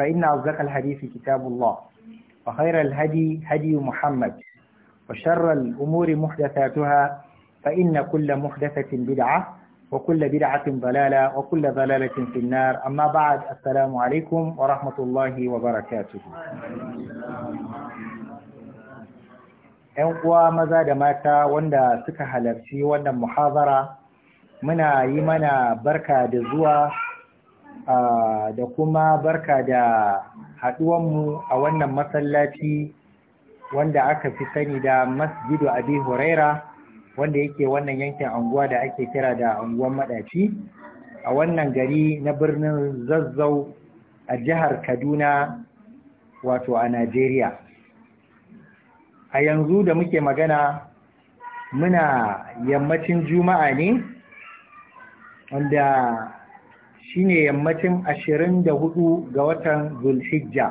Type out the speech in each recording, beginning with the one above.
فإن أصدق الحديث كتاب الله وخير الهدي هدي محمد وشر الأمور محدثاتها فإن كل محدثة بدعة وكل بدعة ضلالة وكل ضلالة في النار أما بعد السلام عليكم ورحمة الله وبركاته ‘Yan uwa maza da mata wanda suka halarci wannan muhazara muna yi da kuma barka da haɗuwan mu a wannan masallaci wanda aka fi sani da masjidu abi huraira wanda yake wannan yankin anguwa da ake kira da anguwan maɗaci a wannan gari na birnin zazzau a jihar kaduna wato a najeriya a yanzu da muke magana muna yammacin juma'a ne wanda shine yammacin ashirin da hudu ga watan zulhijja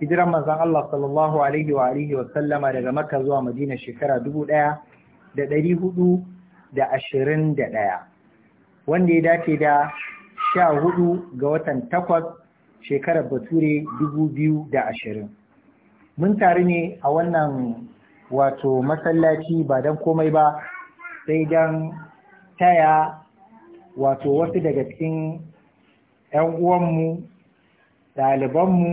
hijiran mazan Allah sallallahu alaihi wa alihi wa sallama daga maka zuwa Madina shekara dubu ɗaya da dari hudu da ashirin da ɗaya wanda ya dace da sha hudu ga watan takwas shekarar bature dubu biyu da ashirin mun taru ne a wannan wato masallaci ba don komai ba sai don taya wato wasu daga cikin 'yan uwanmu ɗalibanmu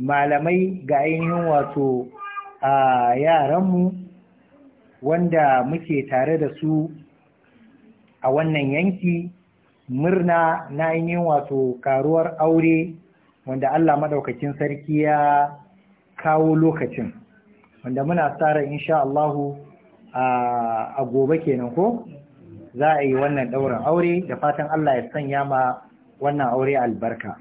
malamai ga ainihin wato a yaranmu wanda muke tare da su a wannan yanki murna na ainihin wato karuwar aure wanda Allah maɗaukakin sarki ya kawo lokacin wanda muna tsara insha Allahu a gobe kenan ko za a yi wannan ɗaurin aure da fatan Allah ya sanya ma wannan aure albarka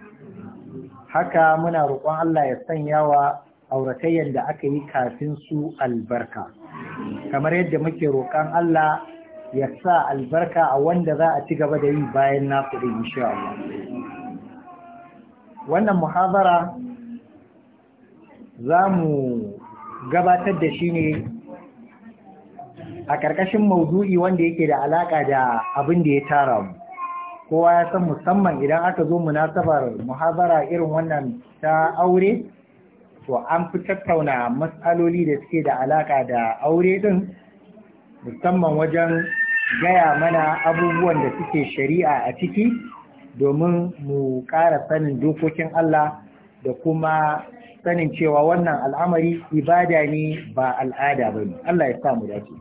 haka muna roƙon Allah ya sanya wa auratayyan da aka yi kafin su albarka kamar yadda muke roƙon Allah ya sa albarka a wanda za a ci gaba da yi bayan na kuɗi insha Allah wannan muhazara za mu gabatar da shi ne a ƙarƙashin maudu'i wanda yake da alaƙa da abin da ya tara mu kowa ya san musamman idan aka zo munasabar muhabara irin wannan ta aure to an fi tattauna matsaloli da suke da alaka da aure din musamman wajen gaya mana abubuwan da suke shari'a a ciki domin mu ƙara sanin dokokin Allah da kuma sanin cewa wannan al'amari ibada ne ba al'ada ba ne Allah ya sa mu dace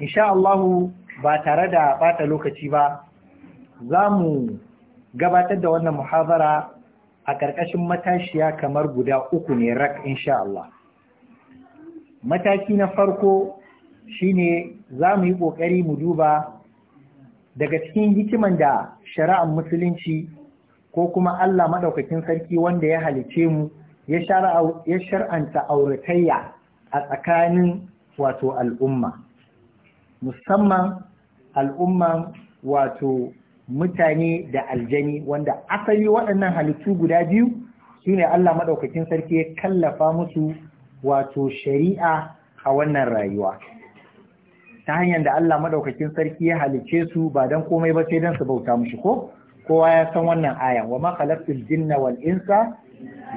insha Allahu ba tare da bata lokaci ba za mu gabatar da wannan muhazara a ƙarƙashin matashiya kamar guda uku ne rak insha Allah mataki na farko shine za mu yi ƙoƙari mu duba daga cikin hikiman da shari'ar musulunci ko kuma Allah maɗaukakin sarki wanda ya halice mu ya shar'anta auratayya a tsakanin wato al'umma musamman al'umman wato mutane da aljani wanda asali waɗannan halittu guda biyu su ne Allah maɗaukakin sarki ya kallafa musu wato shari'a a wannan rayuwa ta hanyar da Allah maɗaukakin sarki ya halicce su ba don komai ba sai don su bauta mushi ko kowa ya san wannan ayan wa ma khalaqtul jinna wal insa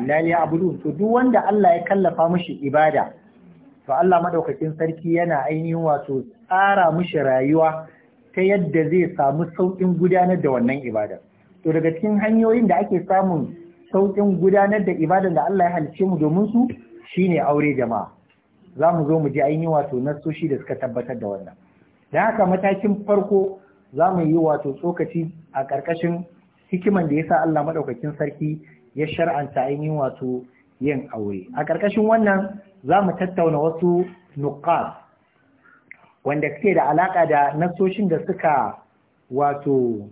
la liya'budun to duk wanda Allah ya kallafa mushi ibada to Allah maɗaukakin sarki yana ainihin wato tsara mushi rayuwa ta yadda zai samu sauƙin gudanar da wannan ibada to daga cikin hanyoyin da ake samun sauƙin gudanar da ibadan da Allah ya halicce mu domin su shine aure jama'a za mu zo mu ji ainihin wato nassoshi da suka tabbatar da wannan da haka matakin farko za mu yi wato tsokaci a ƙarƙashin hikiman da ya sa Allah maɗaukakin sarki ya shar'anta ainihin wato yin aure a ƙarƙashin wannan za mu tattauna wasu nuqat wanda suke da alaƙa da nasoshin da suka wato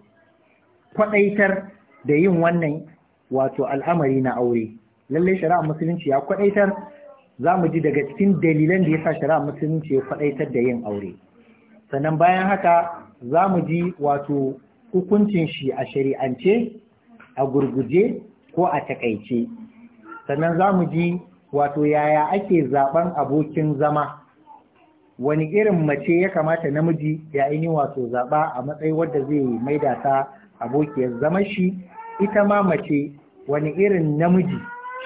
kwaɗaitar da yin wannan wato al'amari na aure lallai shari'ar musulunci ya kwaɗaitar za mu ji daga cikin dalilan da ya sa shari'ar musulunci ya kwaɗaitar da yin aure sannan bayan haka za mu ji wato hukuncin shi a shari'ance a gurguje ko a takaice sannan za mu ji wato yaya ake zaben abokin zama wani irin mace ya kamata namiji ya ni wato zaba a matsayin wadda zai maida ta abokiyar zaman shi ita ma mace wani irin namiji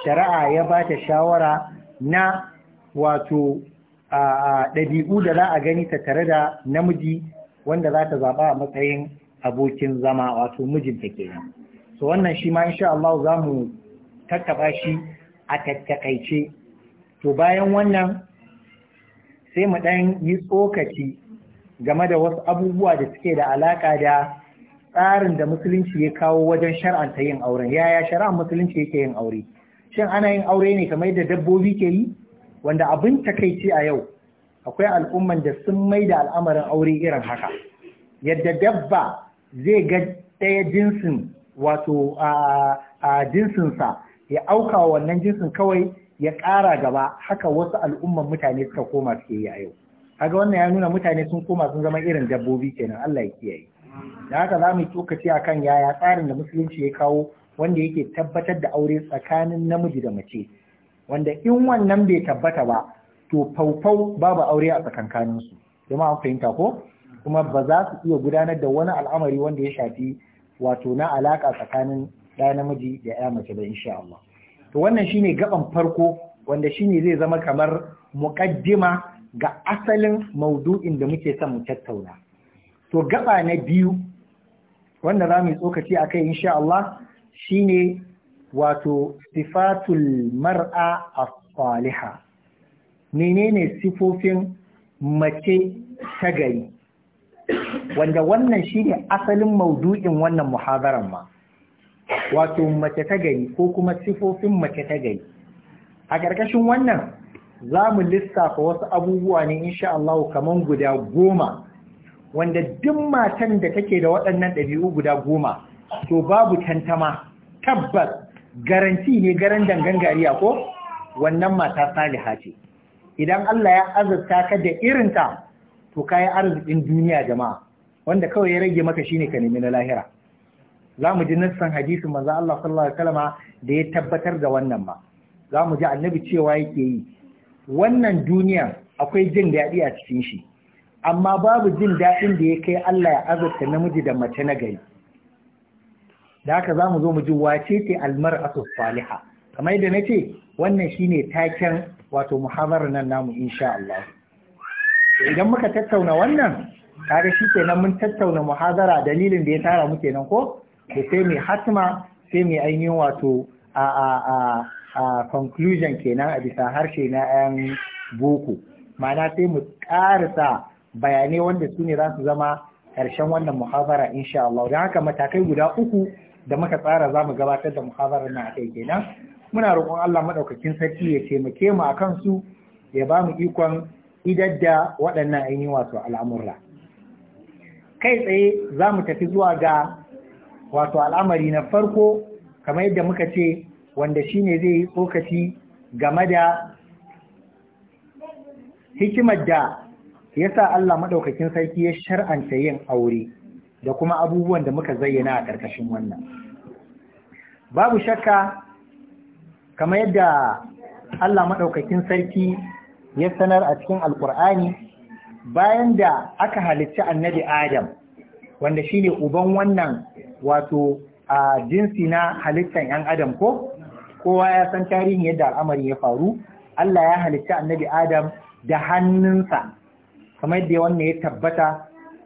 shari'a ya ba ta shawara na wato ɗabi'u da za a gani ta tare da namiji wanda za ta zaɓa a matsayin abokin zama wato mijin ta kenan so wannan shi ma insha Allah za mu tattaɓa shi a tattakaice to bayan wannan sai mu ɗan yi tsokaci game da wasu abubuwa da suke da alaƙa da tsarin da musulunci ya kawo wajen shar'anta yin auren yaya shari'ar musulunci yake yin aure shin ana yin aure ne kamar yadda dabbobi ke yi wanda abin takaici a yau akwai al'umman da sun mai da al'amarin aure irin haka yadda dabba zai ga ɗaya jinsin wato a jinsinsa ya auka wa wannan jinsin kawai ya ƙara gaba haka wasu al'umman mutane suka koma suke yi a yau haka wannan ya nuna mutane sun koma sun zama irin dabbobi kenan Allah ya kiyaye da haka za mu tsokaci akan yaya tsarin da musulunci ya kawo wanda yake tabbatar da aure tsakanin namiji da mace wanda in wannan bai tabbata ba to faufau babu aure a tsakankanin su jama'a an fahimta ko kuma ba za su iya gudanar da wani al'amari wanda ya shafi wato na alaka tsakanin ɗaya namiji da ya mace ba insha Allah to wannan shine gaban farko wanda shine zai zama kamar muƙaddima ga asalin maudu'in da muke son mu tattauna to gaba na biyu wanda za mu yi tsokaci a kai insha Allah shine wato sifatul mar'a as-saliha menene sifofin mace ta gari wanda wannan shine asalin maudu'in wannan muhazaran ma wato mace ta gari ko kuma sifofin mace ta gari a ƙarƙashin wannan za mu lissafa wasu abubuwa ne insha Allah kamar guda goma wanda duk matan da take da waɗannan ɗabi'u guda goma to babu tantama tabbas garanti ne garan dangangariya ko wannan mata saliha ce idan Allah ya azurta ka da irinta to ka yi arzikin duniya jama'a wanda kawai ya rage maka shi ne ka nemi na lahira za mu ji nassan hadisi manzo Allah sallallahu alaihi wasallam da ya tabbatar da wannan ma za mu ji annabi cewa yake yi wannan duniya akwai jin daɗi a cikin shi amma babu jin daɗin da ya kai Allah ya azurta namiji da mace na gari da haka za mu zo mu ji wace ce almar'atu salihah kamar yadda nace wannan shine taken wato muhawarar nan namu insha Allah idan muka tattauna wannan kaga shi kenan mun tattauna muhazara dalilin da ya tara mu kenan ko ko sai mai hatima sai mai ainihin wato a a a a conclusion kenan a bisa harshe na yan boko ma'ana sai mu ƙarasa bayanai wanda su ne za su zama ƙarshen wannan muhabara insha Allah don haka matakai guda uku da muka tsara za mu gabatar da muhabarar na kai kenan muna roƙon Allah maɗaukakin sarki ya taimake mu akan su ya ba mu ikon da waɗannan ainihin wato al'amurra kai tsaye za mu tafi zuwa ga wato al'amari na farko kamar yadda muka ce wanda shine zai yi tsokaci game da hikimar da sa Allah maɗaukakin sarki ya shar'anta yin aure da kuma abubuwan da muka zayyana a ƙarƙashin wannan babu shakka kamar yadda Allah maɗaukakin sarki ya sanar a cikin alƙur'ani bayan da aka halicci annabi Adam wanda shi ne uban wannan wato a jinsi na halittar yan adam ko kowa ya san tarihin yadda al'amarin ya faru Allah ya halitta annabi Adam da hannunsa kamar yadda wannan ya tabbata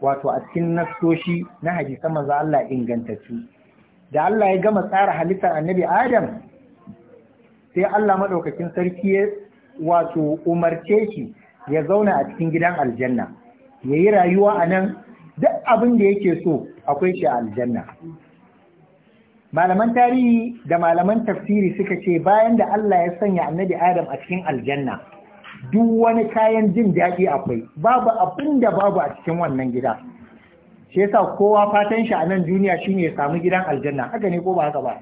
wato a cikin nassoshi na hadisan manzo Allah ingantattu da Allah ya gama tsara halittar annabi Adam sai Allah madaukakin sarki ya wato umarce shi ya zauna a cikin gidan aljanna ya yi rayuwa a nan duk abin da yake so akwai shi a aljanna malaman tarihi da malaman tafsiri suka ce bayan da Allah ya sanya annabi Adam a cikin aljanna duk wani kayan jin daɗi akwai babu abin da babu a cikin wannan gida shi yasa kowa fatan shi a nan duniya shine ya samu gidan aljanna haka ne ko ba haka ba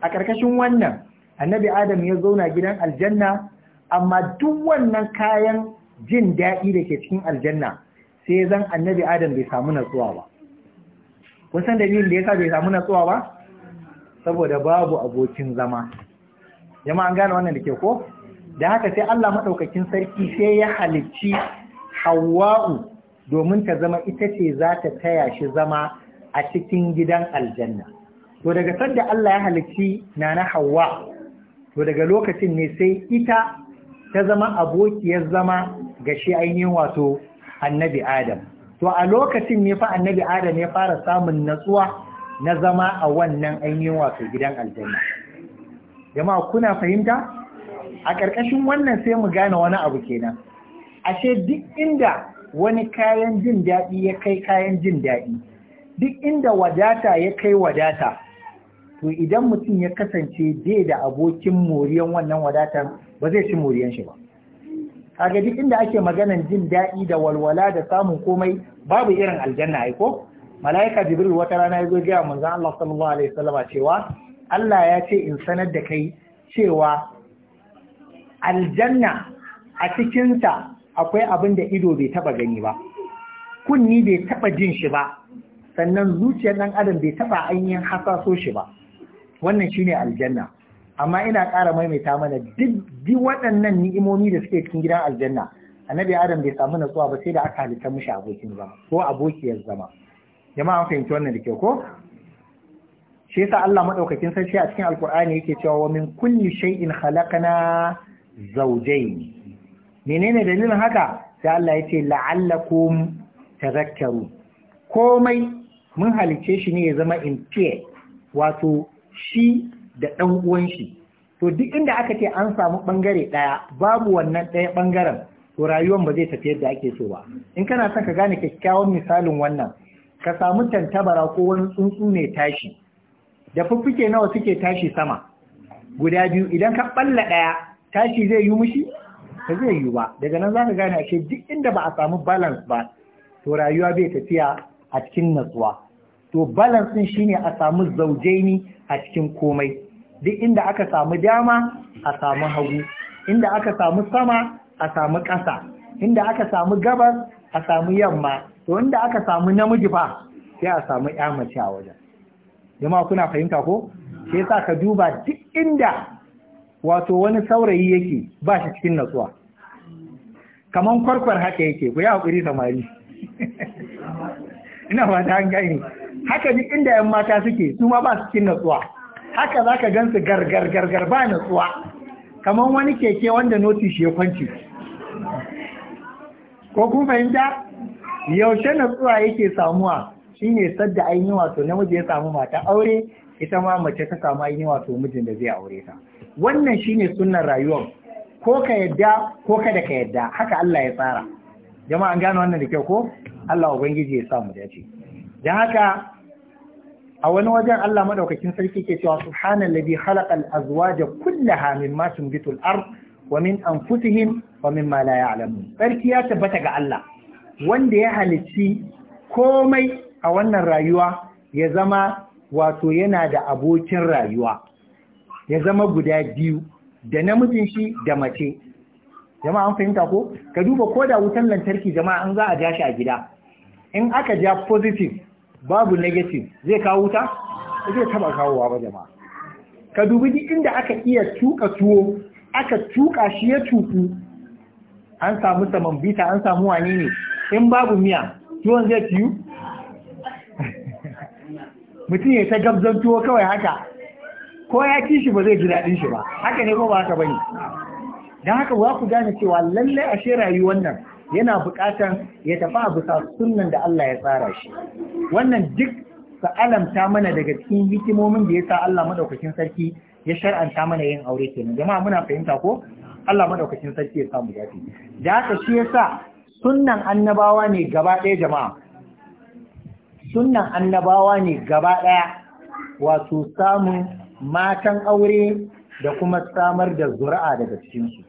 a ƙarƙashin wannan annabi Adam ya zauna gidan aljanna amma duk wannan kayan jin daɗi da ke cikin aljanna sai zan annabi adam bai samu natsuwa ba kun san dalilin da yasa bai samu natsuwa ba saboda babu abokin zama jama'a an gane wannan da ke ko da haka sai Allah madaukakin sarki sai ya halicci Hawwa'u domin ta zama ita ce za ta taya shi zama a cikin gidan aljanna to daga sanda Allah ya halicci nana Hawwa to daga lokacin ne sai ita ta zama abokiyar zama ga shi ainihin wato annabi Adam to a lokacin ne fa annabi Adam ya fara samun natsuwa na zama a wannan ainihin wato gidan aljanna jama'a kuna fahimta a ƙarƙashin wannan sai mu gane wani abu kenan ashe duk inda wani kayan jin daɗi ya kai kayan jin daɗi duk inda wadata ya kai wadata to idan mutum ya kasance bai da abokin moriyan wannan wadatan ba zai ci moriyan shi ba kaga duk inda ake maganan jin daɗi da walwala da samun komai babu irin aljanna ai ko malaika jibril wata rana ya zo ga manzon Allah sallallahu alaihi wasallama cewa Allah ya ce in sanar da kai cewa aljanna a cikinta akwai abin da ido bai taba gani ba kunni bai taba jin shi ba sannan zuciyar ɗan adam bai taba ainihin hasaso shi ba wannan shine aljanna amma ina ƙara maimaita mana duk waɗannan ni'imomi da suke cikin gidan aljanna annabi adam bai samu natsuwa ba sai da aka halitta mishi abokin zama ko abokiyar zama jama'a an fahimci wannan da ke ko shi yasa Allah madaukakin sarki a cikin alkur'ani yake cewa wa min kulli shay'in khalaqna zawjayn menene dalilin haka sai Allah yace la'allakum tadhakkaru komai mun halice shi ne ya zama in wato shi da ɗan uwan shi to duk inda aka ce an samu ɓangare ɗaya babu wannan ɗaya ɓangaren to rayuwan ba zai tafi yadda ake so ba in kana son ka gane kyakkyawan misalin wannan ka samu tantabara ko wani tsuntsu ne tashi da fuffuke nawa suke tashi sama guda biyu idan ka ɓalla ɗaya tashi zai yi mushi ba zai yi ba daga nan za ka gane ashe duk inda ba a samu balance ba to rayuwa bai tafiya a cikin natsuwa to balance din shine a samu zaujaini a cikin komai duk inda aka samu dama a samu hagu inda aka samu sama a samu ƙasa inda aka samu gabas a samu yamma to inda aka samu namiji ba sai a samu ƴa mace a wajen jama'a kuna fahimta ko sai sa ka duba duk inda wato wani saurayi yake ba shi cikin natsuwa kaman kwarkwar haka yake ku yi haƙuri samari ina ba ta gani haka duk inda yan mata suke su ma ba su cikin natsuwa haka za ka gan su gargar gargar ba natsuwa kamar wani keke wanda noti shi ya kwanci ko kun fahimta yaushe natsuwa yake samuwa shine sadda ainihin wato namiji ya samu mata aure ita ma mace ta samu ainihin wato mijin da zai aure ta wannan shine sunan rayuwar ko ka yadda ko kada ka yadda haka Allah ya tsara jama'a an gano wannan da kyau ko Allah ubangiji ya sa mu dace dan haka a wani wajen Allah madaukakin sarki ke cewa subhanallazi khalaqal azwaj kullaha min mimma al ard wa min anfusihim wa ma la ya'lamun sarki ya tabbata ga Allah wanda ya halicci komai a wannan rayuwa ya zama wato yana da abokin rayuwa ya zama guda biyu da namijin shi da mace jama'a an fahimta ko ka duba ko da wutan lantarki jama'a an za a jashi a gida in aka ja positive babu negative zai kawo wuta zai taba kawowa ba jama'a ka dubi duk inda aka iya tuka tuwo aka tuka shi ya tuku an samu saman bita an samu wani ne in babu miya tuwon zai ciyu mutum ya ta gabzon tuwo kawai haka ko ya ci shi ba zai ji daɗin shi ba haka ne ko ba haka bane don haka za ku gane cewa lallai ashe rayuwar nan yana buƙatar ya tafi a bisa sunan da Allah ya tsara shi wannan duk ka alamta mana daga cikin hikimomin da ya sa Allah madaukakin sarki ya shar'anta mana yin aure kenan jama'a muna fahimta ko Allah madaukakin sarki ya samu yafi da haka shi yasa sunan annabawa ne gaba ɗaya jama'a sunan annabawa ne gaba ɗaya wato samun matan aure da kuma samar da zuri'a daga cikinsu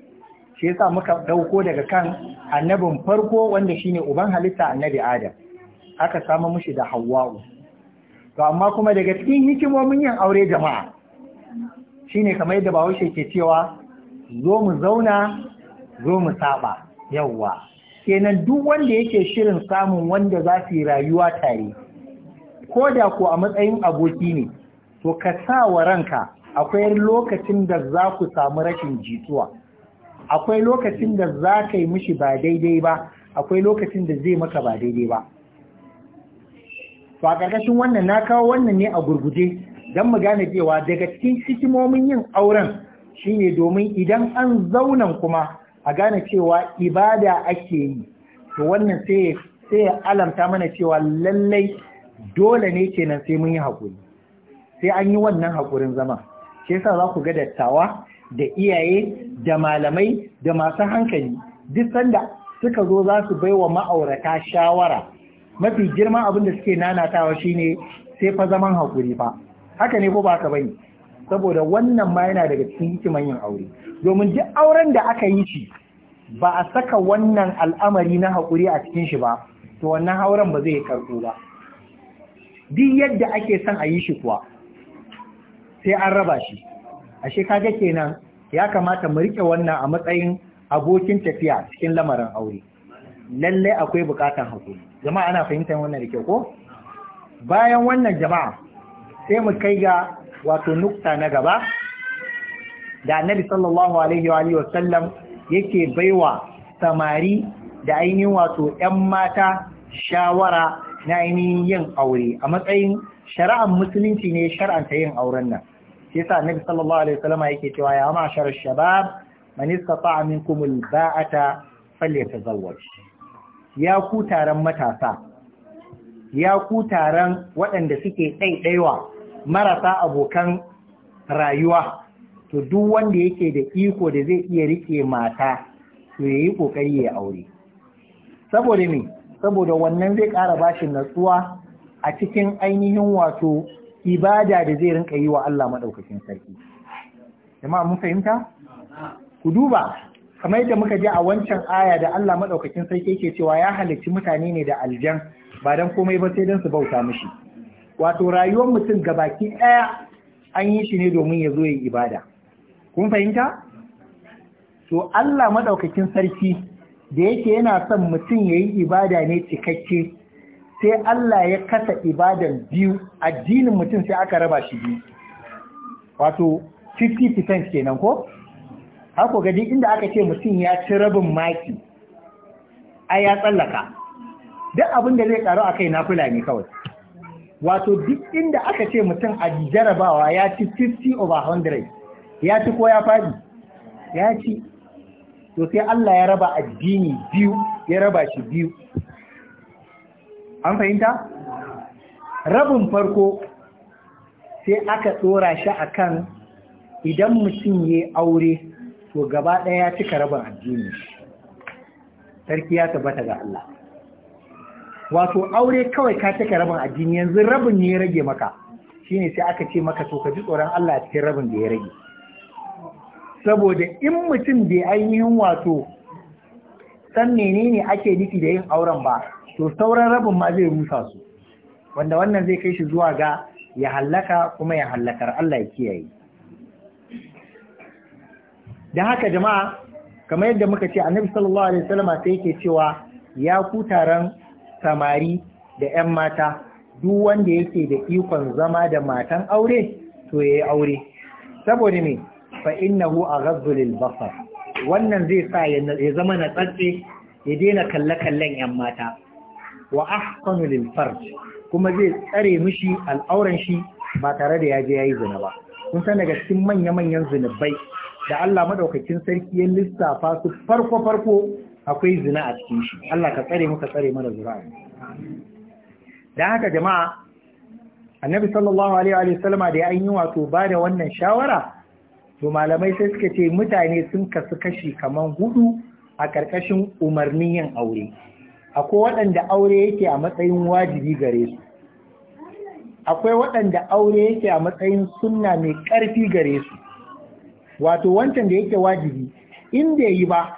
shi yasa muka dauko daga kan annabin farko wanda shine uban halitta annabi Adam aka samu mushi da Hawwa'u to amma kuma daga cikin hikimomin yin aure jama'a shine kamar yadda Bahaushe ke cewa zo mu zauna zo mu saba yawwa kenan duk wanda yake shirin samun wanda za su yi rayuwa tare ko da ko a matsayin aboki ne to ka sa wa ranka akwai lokacin da za ku samu rashin jituwa akwai lokacin da za ka yi mishi ba daidai ba akwai lokacin da zai maka ba daidai ba to ƙarƙashin wannan na kawo wannan ne a gurguje don mu gane cewa daga cikin hikimomin yin auren shine domin idan an zaunan kuma a gane cewa ibada ake yi to wannan sai ya alamta mana cewa lallai dole ne kenan sai mun yi haƙuri sai an yi wannan haƙurin zama shi yasa za ku ga dattawa da iyaye da malamai da masu hankali duk sanda suka zo za su bai wa ma'aurata shawara mafi girma abin da suke nanatawa shine sai fa zaman hakuri fa haka ne ko ba ka bane saboda wannan ma yana daga cikin hikiman yin aure domin duk auren da aka yi shi ba a saka wannan al'amari na hakuri a cikin shi ba to wannan auren ba zai karɓo ba duk yadda ake son a yi shi kuwa sai an raba shi ashe kaga kenan ya kamata mu rike wannan a matsayin abokin tafiya cikin lamarin aure lalle akwai bukatan hakuri jama'a ana fahimtar wannan da ko bayan wannan jama'a sai mu kai ga wato nukta na gaba da annabi sallallahu alaihi wa alihi wasallam yake baiwa samari da ainihin wato ƴan mata shawara na ainihin yin aure a matsayin shari'ar musulunci ne shar'anta yin auren nan shi yasa annabi sallallahu alaihi wasallam yake cewa ya ma'ashar shabab man istata'a minkum alba'ata falyatazawwaj ya ku taron matasa ya ku taron waɗanda suke ɗaiɗaiwa marasa abokan rayuwa to duk wanda yake da iko da zai iya rike mata to yayi kokari ya aure saboda me saboda wannan zai ƙara bashi natsuwa a cikin ainihin wato ibada da zai rinka yi wa Allah maɗaukakin sarki. Jama'a mun fahimta? Ku duba, kamar yadda muka ji a wancan aya da Allah maɗaukakin sarki yake cewa ya halicci mutane ne da aljan ba dan komai ba sai dan su bauta mishi. Wato rayuwar mutum baki ɗaya an yi shi ne domin ya zo ya yi ibada. Kun fahimta? To Allah maɗaukakin sarki da yake yana son mutum ya yi ibada ne cikakke sai Allah ya kasa ibadan biyu addinin mutum sai aka raba shi biyu wato 50% kenan ko hako gadi inda aka ce mutum ya ci rabin maki a ya tsallaka duk abin da zai karo a kai nafula ne kawai wato duk inda aka ce mutum a jarabawa ya ci 50 over 100 ya ci ko ya faɗi ya ci to sai Allah ya raba addini biyu ya raba shi biyu an fahimta rabin farko sai aka tsora shi kan idan mutum ya aure to gaba ɗaya ya cika rabin addini sarki ya tabbata ga Allah wato aure kawai ka cika rabin addini yanzu rabin ne ya rage maka shine sai aka ce maka to ka ji tsoron Allah cikin rabin da ya rage saboda in mutum bai ainihin wato san menene ake nufi da yin auren ba to sauran rabin ma zai rusa su wanda wannan zai kai shi zuwa ga ya hallaka kuma ya hallakar Allah ya kiyaye da haka jama'a kamar yadda muka ce annabi sallallahu alaihi wasallam sai yake cewa ya ku taron samari da 'yan mata duk wanda yake da ikon zama da matan aure to yayi aure saboda me fa innahu aghaddu lil basar wannan zai sa ya zama na tsatse ya daina kalle-kallen 'yan mata wa ahsanu lil farj kuma zai tsare mishi al'auran shi ba tare da yaje yayi zina ba kun san daga cikin manya manyan zinubai da Allah madaukakin sarki ya lissafa su farko farko akwai zina a cikin shi Allah ka tsare muka tsare mana zuri'a dan haka jama'a annabi sallallahu alaihi wa sallama da ya yi wato ba da wannan shawara to malamai sai suka ce mutane sun kasu kashi kaman hudu a ƙarƙashin umarnin yin aure akwai waɗanda aure yake a matsayin wajibi gare su akwai waɗanda aure yake a matsayin sunna mai ƙarfi gare su wato wancan da yake wajibi in bai yi ba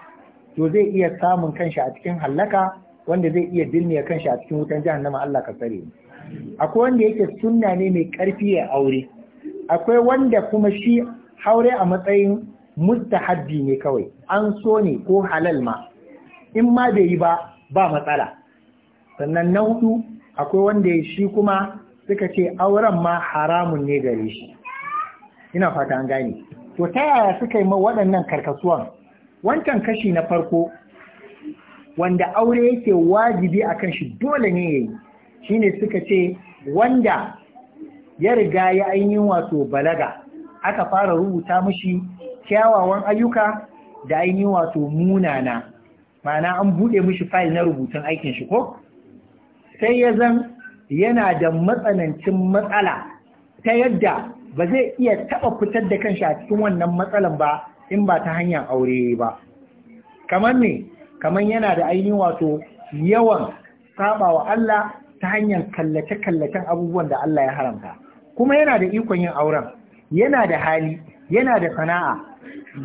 to zai iya samun kanshi a cikin hallaka wanda zai iya binne kanshi a cikin wutan jahannama Allah ka tsare mu akwai wanda yake sunna ne mai ƙarfi ya aure akwai wanda kuma shi haure a matsayin mustahabbi ne kawai an so ne ko halal ma in ma bai yi ba ba matsala sannan na hudu akwai wanda shi kuma suka ce auren ma haramun ne gare shi ina fata an gane to ta yaya suka yi ma waɗannan karkasuwan wancan kashi na farko wanda aure yake wajibi a kan shi dole ne ya yi shi ne suka ce wanda ya riga ya ainihin wato balaga aka fara rubuta mashi kyawawan ayyuka da ainihin wato munana ma'ana an buɗe mishi fayil na rubutun aikin shi ko sai ya zan yana da matsanancin matsala ta yadda ba zai iya taɓa fitar da kanshi a cikin wannan matsalan ba in ba ta hanyar aure ba kamar ne kamar yana da ainihin wato yawan saba wa Allah ta hanyar kallace-kallacen abubuwan da Allah ya haramta kuma yana da ikon yin auren yana da hali yana da sana'a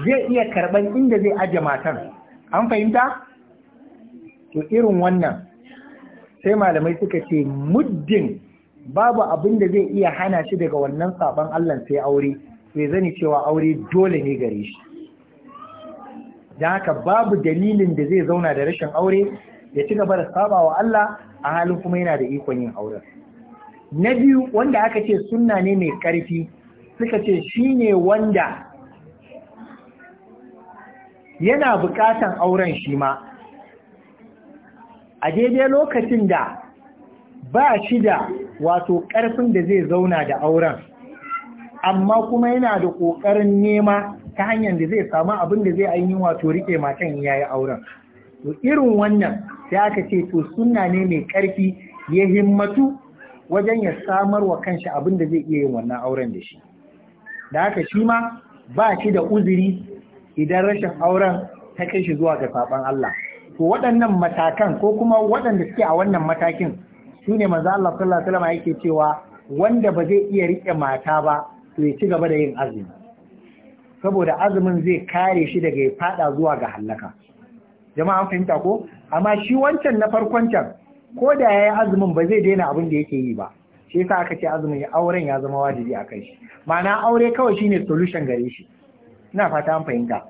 zai iya karɓar inda zai aje matan an fahimta to irin wannan sai malamai suka ce muddin babu abin da zai iya hana shi daga wannan sabon Allah sai aure sai zani cewa aure dole ne gare shi da haka babu dalilin da zai zauna da rashin aure ya ci gaba da saba wa Allah a halin kuma yana da ikon yin aure. na biyu wanda aka ce sunna ne mai ƙarfi, suka ce shine wanda yana bukatan auren shi ma a daidai lokacin da ba shi da wato ƙarfin da zai zauna da auren amma kuma yana da ƙoƙarin nema ta hanyar da zai samu abin da zai ainihin wato riƙe matan ya yi auren to irin wannan sai aka ce to suna ne mai ƙarfi ya himmatu wajen ya samar wa kanshi abin da zai iya yin wannan auren da shi da haka shi ma ba shi da uzuri idan rashin auren ta kai shi zuwa ga saɓon Allah to waɗannan matakan ko kuma waɗanda suke a wannan matakin su ne manzo Allah sallallahu alaihi wasallam yake cewa wanda ba zai iya rike mata ba to ya ci gaba da yin azumi saboda azumin zai kare shi daga faɗa fada zuwa ga halaka jama'a an fahimta ko amma shi wancan na farkon can ko da yayi azumin ba zai daina abin da yake yi ba shi yasa aka ce azumin ya auren ya zama wajibi a kai shi ma'ana aure kawai shine solution gare shi ina fata an fahimta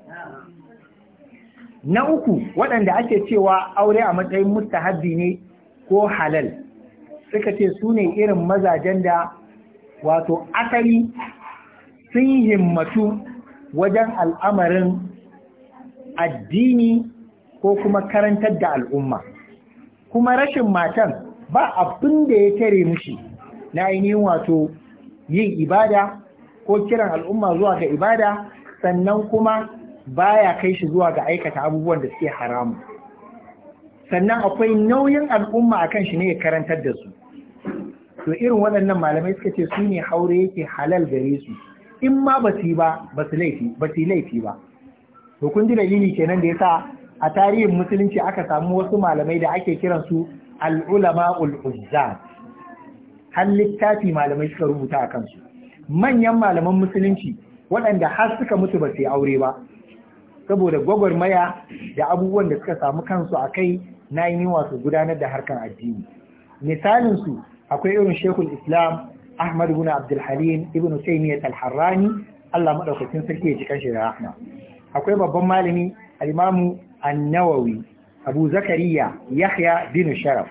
na uku waɗanda ake cewa aure a matsayin mustahabbi ne ko halal suka ce su ne irin mazajen da wato asali sun himmatu wajen al'amarin addini ko kuma karantar da al'umma kuma rashin matan ba abin da ya tare mushi na ainihin wato yin ibada ko kiran al'umma zuwa ga ibada sannan kuma baya kai shi zuwa ga aikata abubuwan da suke haramu sannan akwai nauyin al'umma akan shi ne ya karantar da su to irin waɗannan malamai suka ce su ne haure yake halal gare su in ma ba su yi ba ba su laifi ba to kun ji dalili kenan da yasa a tarihin musulunci aka samu wasu malamai da ake kiransu al'ulama uzzat har littafi malamai suka rubuta a kansu manyan malaman musulunci waɗanda har suka mutu ba su yi aure ba saboda gwagwarmaya da abubuwan da suka samu kansu a kai na yin wasu gudanar da harkar addini misalinsu akwai irin shekul islam ahmad Buna abdul halim ibn taymiyyah al-harrani Allah maɗaukacin sarki ya ji da rahma akwai babban malami alimamu imamu an-nawawi abu zakariya yahya bin sharaf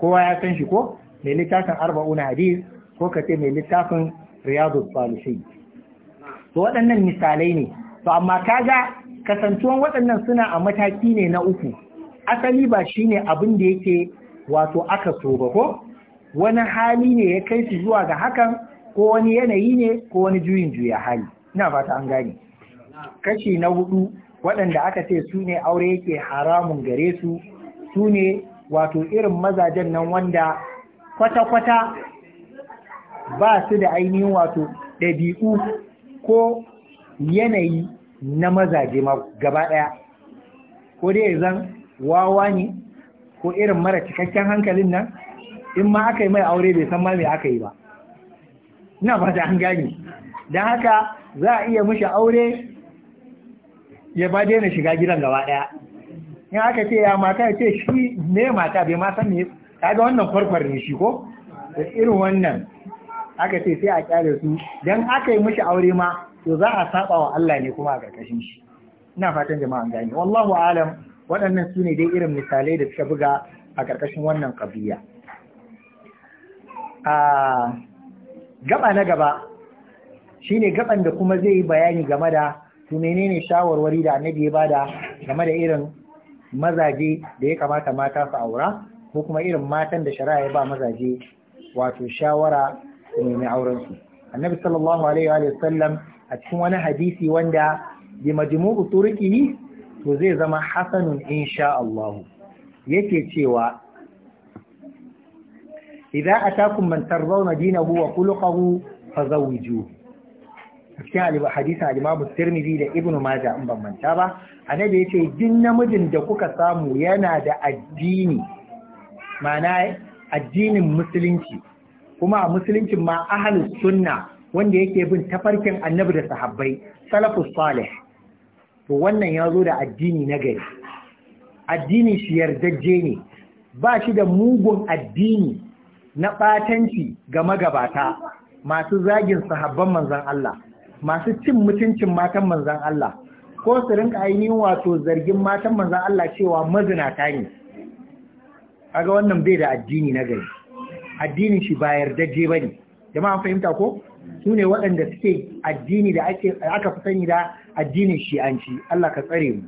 kowa ya san shi ko mai littafin arba'un hadis ko kace mai littafin Riyadu salihin to waɗannan misalai ne to amma kaga kasantuwan waɗannan suna a mataki ne na uku asali ba shine abin da yake wato aka so ba ko wani hali ne ya kai su zuwa ga hakan ko wani yanayi ne ko wani juyin juya hali ina fata an gane kashi na hudu waɗanda aka ce su ne aure yake haramun gare su su ne wato irin mazajen nan wanda kwata-kwata ba su da ainihin wato ɗabi'u ko yanayi na mazaje ma gaba ɗaya ko dai zan wawa ne ko irin mara cikakken hankalin nan in ma aka yi mai aure bai san ma me aka yi ba ina ba da an gane don haka za a iya mishi aure ya ba daina shiga gidan gaba ɗaya in aka ce ya mata ya ce shi ne mata bai ma san me ga wannan farfar ne shi ko irin wannan aka ce sai a kyale su don aka yi mishi aure ma to za a saba wa Allah ne kuma a ƙarƙashin shi ina fatan jama'an gani wallahu alam waɗannan su ne dai irin misalai da suka buga a ƙarƙashin wannan ƙabiya a gaba na gaba shine gaban da kuma zai yi bayani game da su menene shawarwari da annabi ya bada game da irin mazaje da ya kamata mata su aura ko kuma irin matan da shari'a ya ba mazaje wato shawara su nemi auren su annabi sallallahu alaihi wa sallam a cikin wani hadisi wanda bi majmu'u turqihi to zai zama hasanun insha Allah yake cewa idza atakum man tarzawna dinahu wa khuluquhu fazawiju cikin hadisin al-Imam Tirmidhi da Ibn Majah in ban manta ba annabi yace din namijin da kuka samu yana da addini ma'ana addinin musulunci kuma a Musulunci ma ahlus sunna wanda yake bin tafarkin annabi da sahabbai salafus salih to wannan ya zo da addini na gari addini shi yardajje ne ba shi da mugun addini na ɓatanci ga magabata masu zagin sahabban manzan Allah masu cin mutuncin matan manzan Allah ko su rinka ainihin wato zargin matan manzan Allah cewa mazinata ne kaga wannan bai da addini na gari addinin shi ba yardaje bane jama'a fahimta ko su ne waɗanda suke addini da aka fi sani da addinin shi'anci Allah ka tsare mu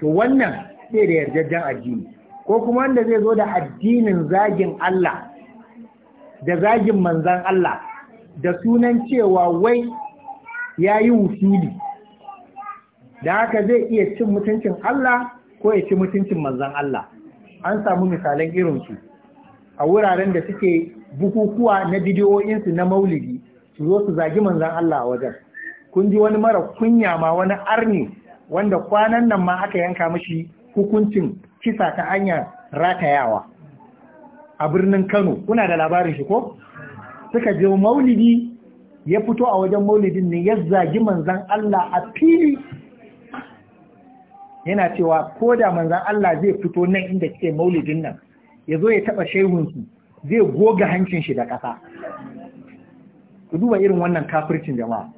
to wannan sai da yarjejjen addini ko kuma wanda zai zo da addinin zagin Allah da zagin manzan Allah da sunan cewa wai ya yi wusuli da haka zai iya cin mutuncin Allah ko ya ci mutuncin manzan Allah an samu misalan irinsu a wuraren da suke bukukuwa na bidiyoyinsu na maulidi su zo su zagi manzan Allah a wajen kun ji wani mara kunya ma wani arni wanda kwanan nan ma aka yanka mashi hukuncin kisa ta hanyar ratayawa a birnin Kano kuna da labarin shi ko suka je maulidi ya fito a wajen maulidin ne ya zagi manzan Allah a fili yana cewa ko da manzan Allah zai fito nan inda kike maulidin nan ya zo ya taɓa shehunsu zai goga hancin shi da ƙasa ku duba irin wannan kafircin jama'a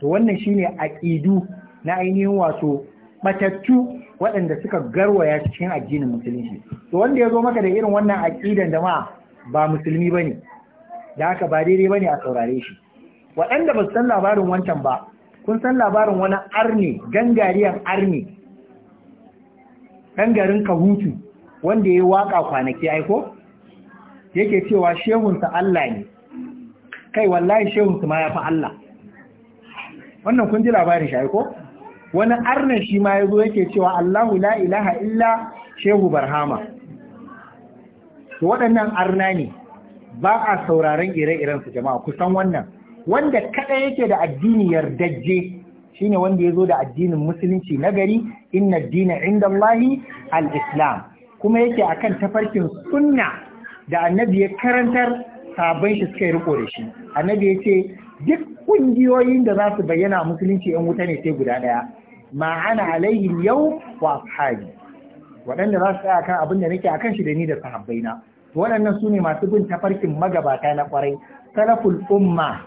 to wannan shi shine aƙidu na ainihin wato matattu waɗanda suka garwaya cikin addinin musulunci to wanda ya zo maka da irin wannan da jama'a ba musulmi ba ne, da haka ba daidai ba ne a saurare shi waɗanda ba su san labarin wancan ba kun san labarin wani arne gangariyar arne ɗan garin kahutu wanda ya waka kwanaki aiko yake cewa shehunsa Allah ne kai wallahi shehunsa ma ya fi Allah wannan kun ji labarin shi aiko wani arna shi ma ya zo yake cewa Allahu la ilaha illa shehu barhama su waɗannan arna ne ba a sauraron ire-iren su jama'a kusan wannan wanda kada yake da addini yardajje shine wanda ya zo da addinin musulunci na gari inna dina inda Allahi al-islam kuma yake akan tafarkin sunna da annabi ya karantar sabon shi suka riko da shi annabi ya ce duk kungiyoyin da za su bayyana musulunci yan wuta ne sai guda ɗaya. ma'ana alaihi yau wa ashabi waɗanda za su tsaya kan abin da nake kan shi da ni da sahabbaina waɗannan su ne masu bin tafarkin magabata na kwarai salaful umma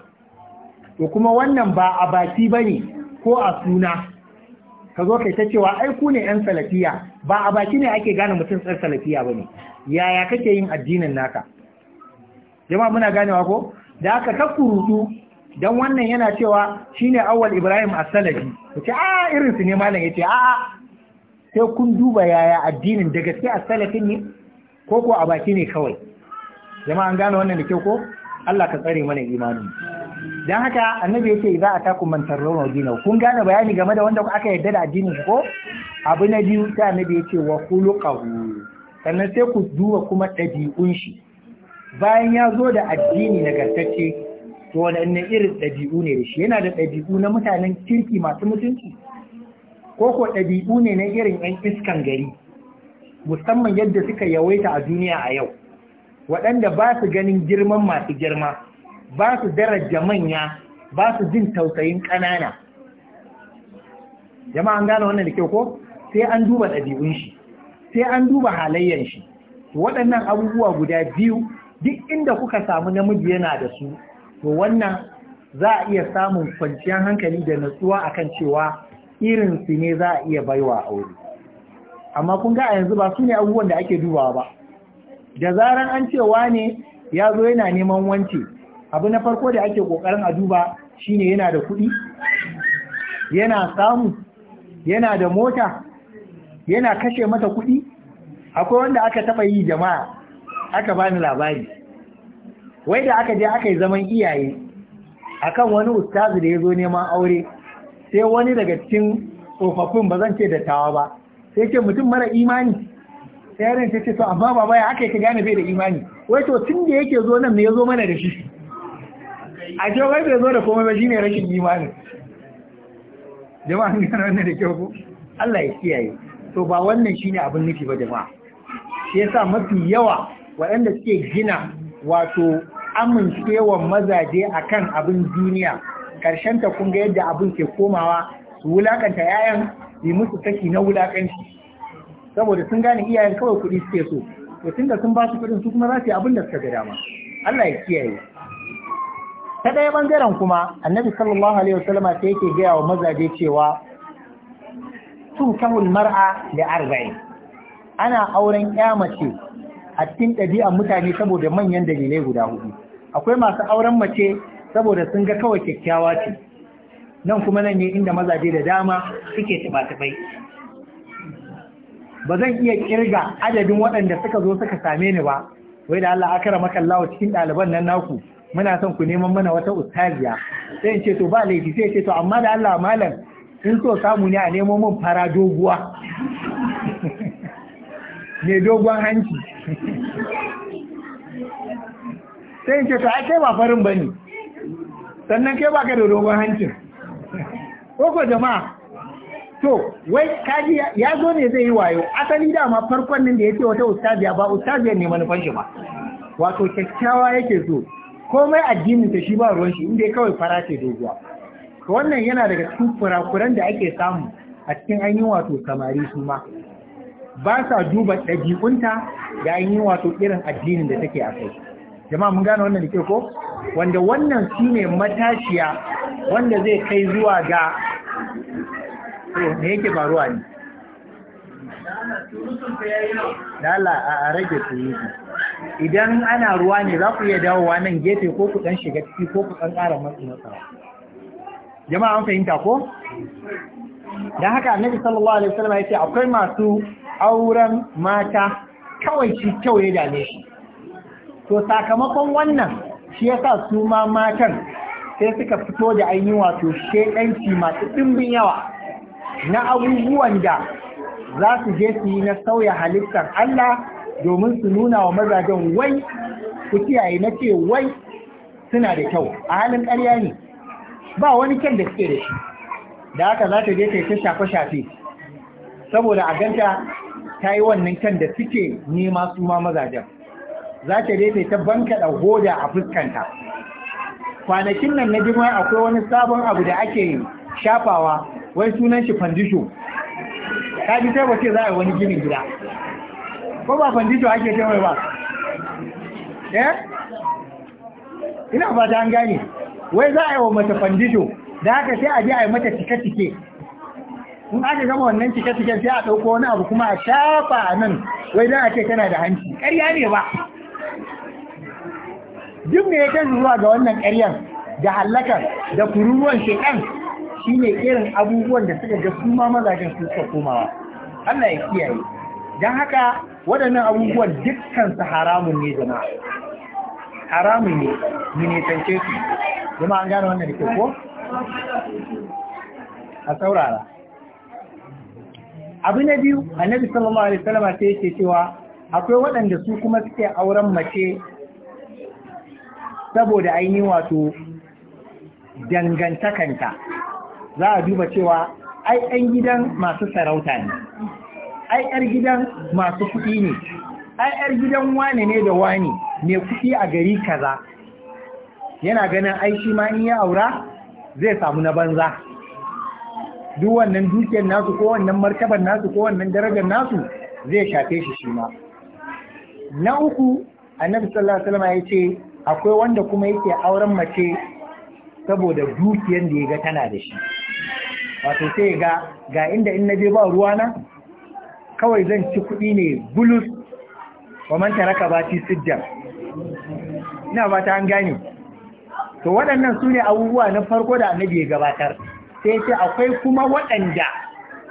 to kuma wannan ba a baki bane ko a suna ka zo kai ta cewa ai ku ne yan salafiya ba a baki ne ake gane mutum tsar salafiya ba ne. yaya kake yin addinin naka jama'a muna ganewa ko da aka kurutu dan wannan yana cewa shine awwal ibrahim as-salafi ce a ah, irin su ne malam yace a ah, a ah. sai kun duba yaya addinin da gaske as-salafin ne ko ko a baki ne kawai jama'a an gane wannan da kyau ko Allah ka tsare mana imanin dan haka annabi yake za a taku mantar rauna dinahu kun gane bayani game da wanda aka yarda da addinin ko abu na biyu ta annabi ce wa khuluqahu sannan sai ku duba kuma ɗabi'un shi bayan ya zo da addini nagartacce to wani irin ɗabi'u ne da shi yana da ɗabi'u na mutanen kirki masu mutunci ko ko ɗabi'u ne na irin 'yan iskan gari musamman yadda suka yawaita a duniya a yau waɗanda ba su ganin girman masu girma ba su daraja manya ba su jin tausayin ƙanana jama'a an gane wannan da kyau ko sai an duba ɗabi'un shi sai an duba halayyar shi waɗannan abubuwa guda biyu duk inda kuka samu namiji yana da su to wannan za a iya samun kwanciyar hankali da natsuwa kan cewa irin su ne za a iya baiwa aure amma kun ga a yanzu ba su ne abubuwan da ake dubawa ba da zaran an cewa ne ya zo yana neman wance abu na farko da ake kokarin a duba shine yana da kuɗi yana samu yana da mota yana kashe mata kuɗi akwai wanda aka taɓa yi jama'a aka bani labari wai da aka je aka yi zaman iyaye akan wani ustazu da ya zo neman aure sai wani daga cikin tsofaffin ba zan ce dattawa ba sai ce mutum mara imani sai yaron ce to amma ba ya aka yi ka gane bai da imani wai to tun da yake zo nan me ya zo mana da shi a ce wai ya zo da komai ba shine rashin imani jama'a an gano wannan da kyau ko Allah ya kiyaye to ba wannan shine abin nufi ba jama'a shi yasa mafi yawa waɗanda suke gina wato amincewa mazaje a kan abin duniya karshen ta kun ga yadda abin ke komawa su wulakanta yayan yi musu saki na wulakanci saboda sun gane iyayen kawai kuɗi suke so to tunda sun ba su kuɗin su kuma za su yi abin da suka ga dama Allah ya kiyaye ta ɗaya ɓangaren kuma annabi sallallahu alaihi wasallam sai yake gaya wa mazaje cewa tun kahul mar'a da arba'in ana auren ya mace a cikin a mutane saboda manyan dalilai guda hudu akwai masu auren mace saboda sun ga kawai kyakkyawa ce nan kuma nan ne inda mazaje da dama suke tabatabai ba zan iya kirga adadin waɗanda suka zo suka same ni ba wai da Allah akara maka Allah cikin ɗaliban nan naku muna son ku neman mana wata ustaziya sai in ce to ba laifi sai ce to amma da Allah malam in so samu ne a nemo min fara doguwa ne dogon hanci sai in ce to ai kai ba farin bane sannan kai ba ka da dogon hancin ko jama'a to wai kaji ya zo ne zai yi wayo asali dama farkon nan da ya ce wata ustaziya ba ustaziyar ne manufan shi ba wato kyakkyawa yake so komai addinin ta shi ba ruwan shi inda kawai fara ce doguwa Ka wannan yana daga cikin kurakuran da ake samu a cikin an yi wato samari su ma ba sa duba ɗabi'unta da an yi wato irin addinin da take a kai jama'a mun gane wannan da ke ko wanda wannan ne matashiya wanda zai kai zuwa ga me yake faruwa ne a rage surutu idan ana ruwa ne za ku iya dawowa nan gefe ko ku dan shiga ciki ko ku dan ƙara matsi masa jama'a an fahimta ko dan haka annabi sallallahu alaihi wasallam yace akwai masu auren mata kawai shi kyau ya dame shi to sakamakon wannan shi yasa su ma matan sai suka fito da ainihin wato shedanci masu dimbin yawa na abubuwan da za su je su yi na sauya halittar Allah domin su nuna wa mazajen wai ku kiyaye na ce wai suna da kyau a halin ƙarya ne ba wani kyan da suke da shi da haka za ta je ta yi ta shafe-shafe saboda a ganta ta yi wannan kyan da suke nema su ma mazajen za ta je ta yi ta bankaɗa hoda a fuskanta kwanakin nan na jima akwai wani sabon abu da ake shafawa wai sunan shi fandisho ta ji sai ce za a yi wani ginin gida ko ba fandito ake ce ba eh ina ba ta an gane wai za a yi wa mata fandito da haka sai a je a yi mata cike-cike? in aka gama wannan cike-ciken sai a ɗauko wani abu kuma a shafa a nan wai za a ce tana da hanci ƙarya ne ba duk ne ya kai zuwa ga wannan ƙaryan da hallakar da kururuwan shekan shine irin abubuwan da suka ga su ma mazajen su suka komawa Allah ya kiyaye don haka waɗannan abubuwan dukkan su haramun ne jama'a haramun ne minitance su jama'a an gane wannan da ke ko a saurara abu na biyu annabi sallallahu alaihi wasallam sai yake cewa akwai waɗanda su kuma suke auren mace saboda ainihin wato dangantakanta za a duba cewa ai ɗan gidan masu sarauta ne ai yar gidan masu kuɗi ne ai yar gidan wane ne da wane mai kuɗi a gari kaza yana ganin ai shi ma in ya aura zai samu na banza duk wannan dukiyar nasu ko wannan martabar nasu ko wannan darajar nasu zai shafe shi shi ma na uku annabi sallallahu alaihi wasallam ya ce akwai wanda kuma yake auren mace saboda dukiyar da ya ga tana da shi wato sai ga ga inda in na je ba ruwa na kawai zan ci kuɗi ne bulus wa raka ba bati sidda ina ba ta an gane to waɗannan su ne abubuwa na farko da annabi ya gabatar sai ce akwai kuma waɗanda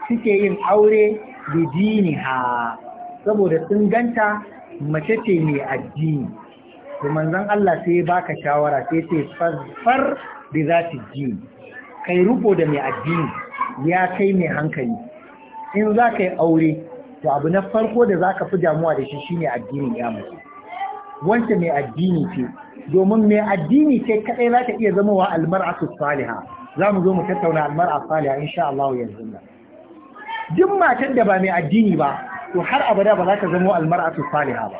suke yin aure da dini ha saboda sun ganta mace ce mai addini to manzon Allah sai ya baka shawara sai ce far da za ta ji kai rubo da mai addini ya kai mai hankali in za ka yi aure to abu na farko da zaka fi damuwa da shi shine addinin ya mutu, wanda mai addini ce domin mai addini ce kadai za ta iya zama wa almar'atu salihah za mu zo mu tattauna almar'a salihah insha Allah yanzu nan duk matan da ba mai addini ba to har abada ba za ta zama almar'atu salihah ba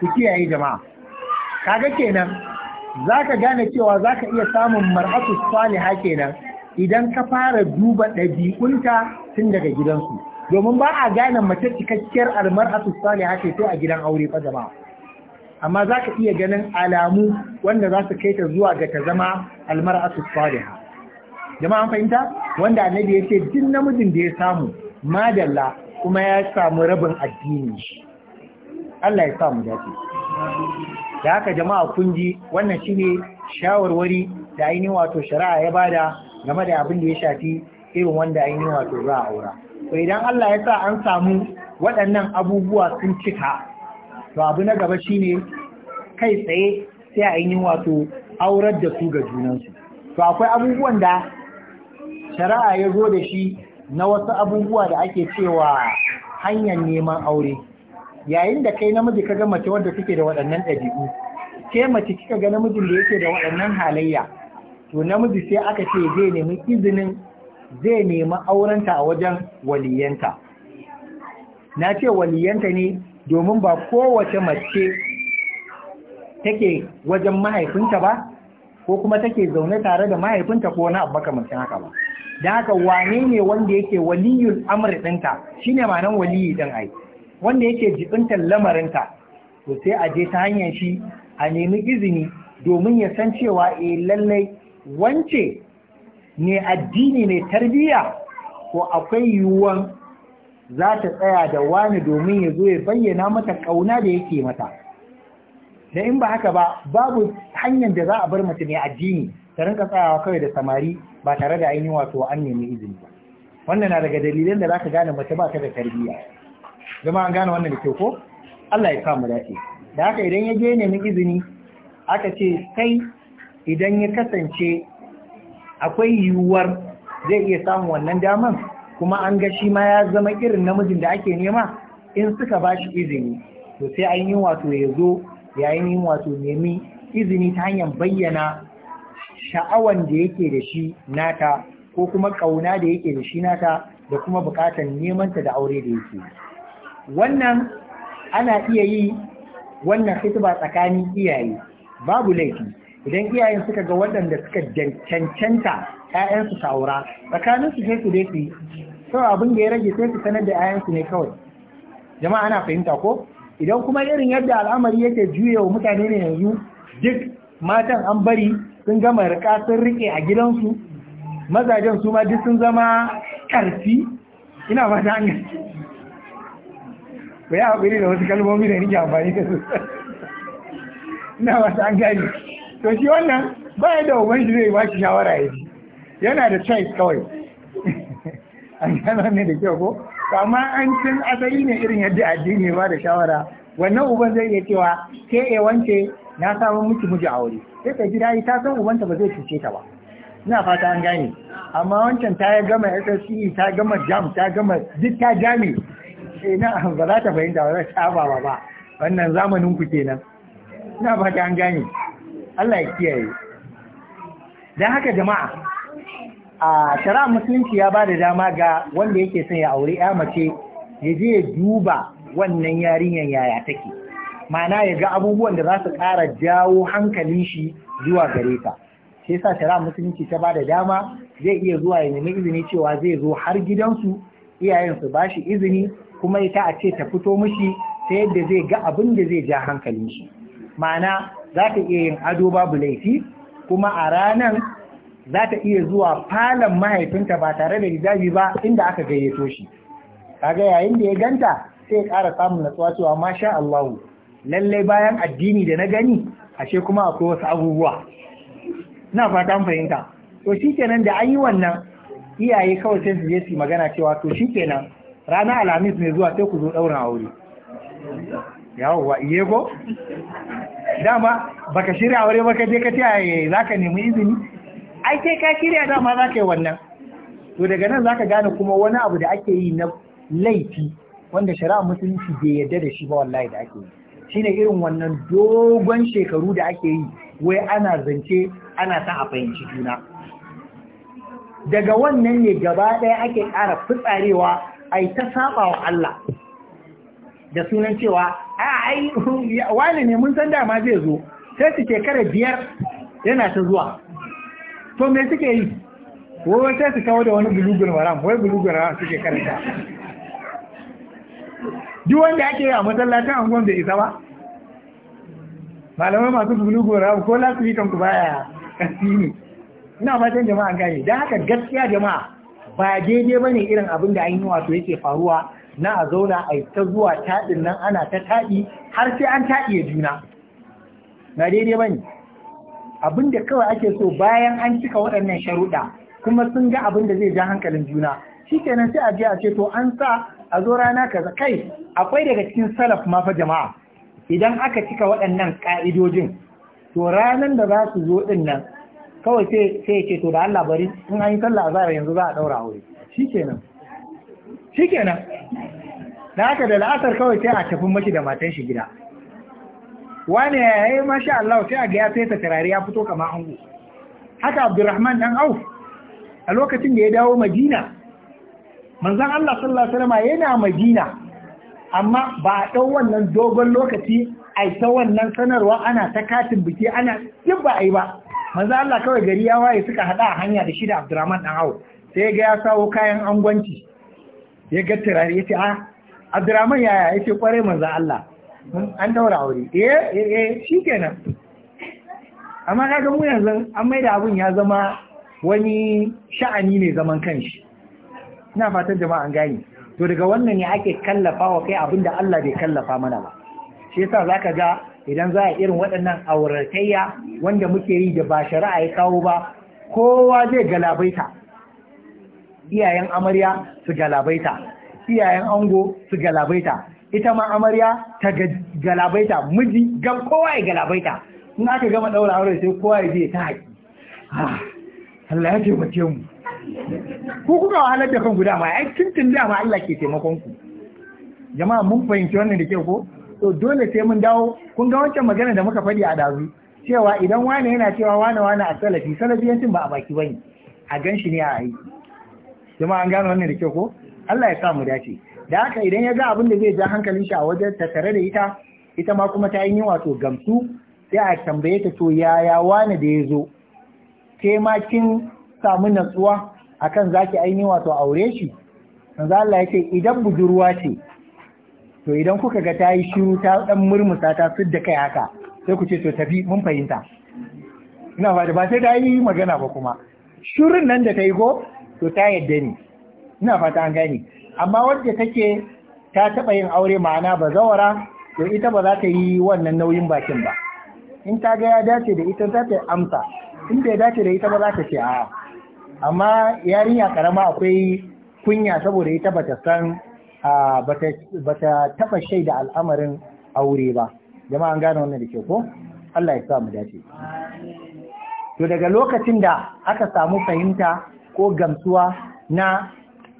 ku kiyaye jama'a kaga kenan zaka gane cewa zaka iya samun mar'atu salihah kenan idan ka fara duba ɗabi'unta tun daga gidansu domin ba a gane mace cikakkiyar almar'atu salihah ce sai a gidan aure fa jama'a amma za ka iya ganin alamu wanda za su kai ta zuwa ga ta zama almar'atu salihah jama an fahimta wanda annabi ya ce jin namijin da ya samu madalla kuma ya samu rabin addini Allah ya samu dace da haka jama'a kun ji wannan shine shawarwari da ainihin wato shari'a ya bada game da abin da ya shafi irin wanda ainihin wato za a aura sai idan Allah ya sa an samu waɗannan abubuwa sun cika to abu na gaba shine kai tsaye sai a yi wato aurar da su ga junansu to akwai abubuwan da shari'a ya zo da shi na wasu abubuwa da ake cewa hanyar neman aure yayin da kai namiji ka ga mace wadda take da waɗannan ɗabi'u ke mace kika ga namijin da yake da waɗannan halayya to namiji sai aka ce zai nemi izinin zai nemi aurenta a wajen waliyanta na ce waliyanta ne domin ba kowace mace take wajen mahaifinta ba ko kuma take zaune tare da mahaifinta ko wani abu makamancin haka ba da haka wane ne wanda yake waliyul amr ɗinta shine manan waliyi ɗin ai wanda yake jibintar lamarinta to sai a je ta hanyar shi a nemi izini domin ya san cewa eh lallai wance ne addini mai tarbiyya ko akwai yiwuwan za ta tsaya da wani domin ya zo ya bayyana mata ƙauna da yake mata da in ba haka ba babu hanyar da za a bar mace mai addini ta rinka tsayawa kawai da samari ba tare da ainihin wato an nemi izini ba wannan na daga dalilan da za ka gane mace ba ta da tarbiyya zama an gane wannan da kyau ko Allah ya samu dace da haka idan ya je nemi izini aka ce sai idan ya kasance akwai yiwuwar zai iya samun wannan daman kuma an ga shi ma ya zama irin namijin da ake nema in suka ba shi izini to sai an yi wato ya zo yayin yin wato nemi izini ta hanyar bayyana sha'awan da yake da shi nata ko kuma ƙauna da yake da shi nata da kuma buƙatar nemanta da aure da yake wannan ana iya yi wannan fitba tsakanin iyaye babu laifi idan iyayen suka ga waɗanda suka cancanta ‘ya'yansu su aura tsakanin su sai su dai su sau abin da ya rage sai su sanar da ‘ya'yansu ne kawai jama'a ana fahimta ko idan kuma irin yadda al'amari yake juya wa mutane ne yanzu duk matan an bari sun gama rika sun rike a gidansu mazajen su ma duk sun zama karfi ina fata haƙuri da wasu kalmomi da amfani da su ina an gani to shi wannan baya da uban shi zai ba shi shawara ya ji yana da choice kawai an gano ne da kyau ko amma an cin asali ne irin yadda addini ba da shawara wannan uban zai iya cewa ke a eh, wance na samun miki miji aure sai ka gida ta san ubanta ba zai cuce ta ba ina fata an gane amma wancan ta ya gama SSE ta gama jam ta gama duk ta jami eh na ba za ta fahimta ba za ta ba ba wannan zamanin ku kenan ina fata an gane Allah ya kiyaye don haka jama'a a shari'ar musulunci ya ba da dama ga wanda yake son ya aure ya mace ya je ya duba wannan yarinyar yaya take ma'ana ya ga abubuwan da za su ƙara jawo hankalin shi zuwa gare ta shi yasa shari'ar musulunci ta ba da dama zai iya zuwa ya nemi izini cewa zai zo har gidansu iyayen su ba shi izini kuma ita a ce ta fito mishi ta yadda zai ga abin da zai ja hankalin shi ma'ana za ta iya yin ado babu laifi kuma a ranan za ta iya zuwa falon mahaifinta ba tare da hijabi ba inda aka gayyato shi kaga yayin da ya ganta sai ya ƙara samun natsuwa cewa masha Allah lallai bayan addini da na gani ashe kuma akwai wasu abubuwa na fatan fahimta to shikenan da an wannan iyaye kawai sai su je su magana cewa to shikenan Rana alhamis ne zuwa sai ku zo ɗaurin aure yawwa iye ko dama baka shirya aure baka je ka ce za nemi izini ai sai ka shirya dama za ka yi wannan to daga nan za ka gane kuma wani abu da ake yi na laifi wanda shari'a musulunci bai yarda da shi ba wallahi da ake yi shine irin wannan dogon shekaru da ake yi wai ana zance ana sa a fahimci juna daga wannan ne gaba ɗaya ake ƙara fitsarewa ai ta saba wa Allah da sunan cewa a ai wani ne mun san dama zai zo sai su shekara biyar yana ta zuwa to me suke yi wai sai su kawo da wani bulugun maram wai bulugun maram suke karanta duk wanda ake yi a masallacin angon bai isa ba malamai masu bulugun maram ko lasifikan ku baya kasi ne ina fatan jama'a gane don haka gaskiya jama'a ba daidai ba ne irin abin da an yi wato yake faruwa na a zauna a yi ta zuwa taɗin nan ana ta taɗi har sai an ya juna na daidai ba ne abinda kawai ake so bayan an cika waɗannan sharuɗa kuma sun ga abin da zai ja hankalin juna shi kenan sai a je a ce to an sa a zo rana kaza kai akwai daga cikin salaf ma fa jama'a idan aka cika waɗannan ƙa'idojin to ranar da za su zo ɗin nan kawai sai ce to da Allah bari in an yi sallah a yanzu za a ɗaura aure shi kenan shi kenan da haka da la'asar kawai sai a tafi mashi da matan shi gida wane ya yi mashi Allah sai a ga ya ta tarari ya fito kama ango haka abdurrahman dan auf a lokacin da ya dawo madina manzon Allah sallallahu alaihi wasallam yana madina amma ba a ɗau wannan dogon lokaci a ta wannan sanarwa ana ta katin biki ana yin ba a yi ba manzan Allah kawai gari ya waye suka hada a hanya da shi da Abdurrahman dan auf sai ga ya sawo kayan angwanci ya ga turare ya ce a ah, abdurrahman yaya ya ce kwarai manzan Allah an daura aure eh eh, eh shi kenan amma ga mu yanzu an mai da abun ya zama wani sha'ani ne zaman kan shi. ina fatan jama'a an gane to daga wannan ne ake kallafa wa kai abin da Allah bai kallafa mana ba shi yasa zaka ga idan za a irin waɗannan auratayya wanda muke yi da ba shari'a ya kawo ba kowa zai galabaita iyayen amarya su galabaita iyayen ango su galabaita ita ma amarya ta galabaita miji ga kowa ya galabaita in aka gama daura aure sai kowa ya je ta haƙi ah, Allah ya taimake mu ku kuka wahalar da kanku dama ai tuntun dama Allah ke taimakon ku jama'a mun fahimci wannan da kyau ko to dole sai mun dawo kun ga wancan magana da muka faɗi a dazu cewa idan wani yana cewa wane-wane a salafi salafi yancin ba a baki bane a gan shi ne a aiki jama an gane wannan da kyau ko Allah ya sa mu dace da haka idan ya ga abin da zai ja hankalin shi a wajen ta tare da ita ita ma kuma ta yi wato gamsu sai a tambaye ta to ya wani da ya zo ke ma kin samu natsuwa akan zaki ainihin wato aure shi manzo Allah yake idan budurwa ce to idan kuka ga ta yi shiru ta dan murmusa ta da kai haka sai ku ce to tafi mun fahimta ina ba ba sai da yi magana ba kuma shirin nan da ta yi ko to ta yadda ne ina fata an gani amma wadda take ta taɓa yin aure ma'ana ba zawara to ita ba za ta yi wannan nauyin bakin ba in ta ga ya dace da ita za ta amsa in bai dace da ita ba za ta ce a amma yarinya karama akwai kunya saboda ita ba ta san ba ta taɓa shaida al'amarin aure ba jama'a an gane wannan da ke ko Allah ya sa mu dace to daga lokacin da aka samu fahimta ko gamsuwa na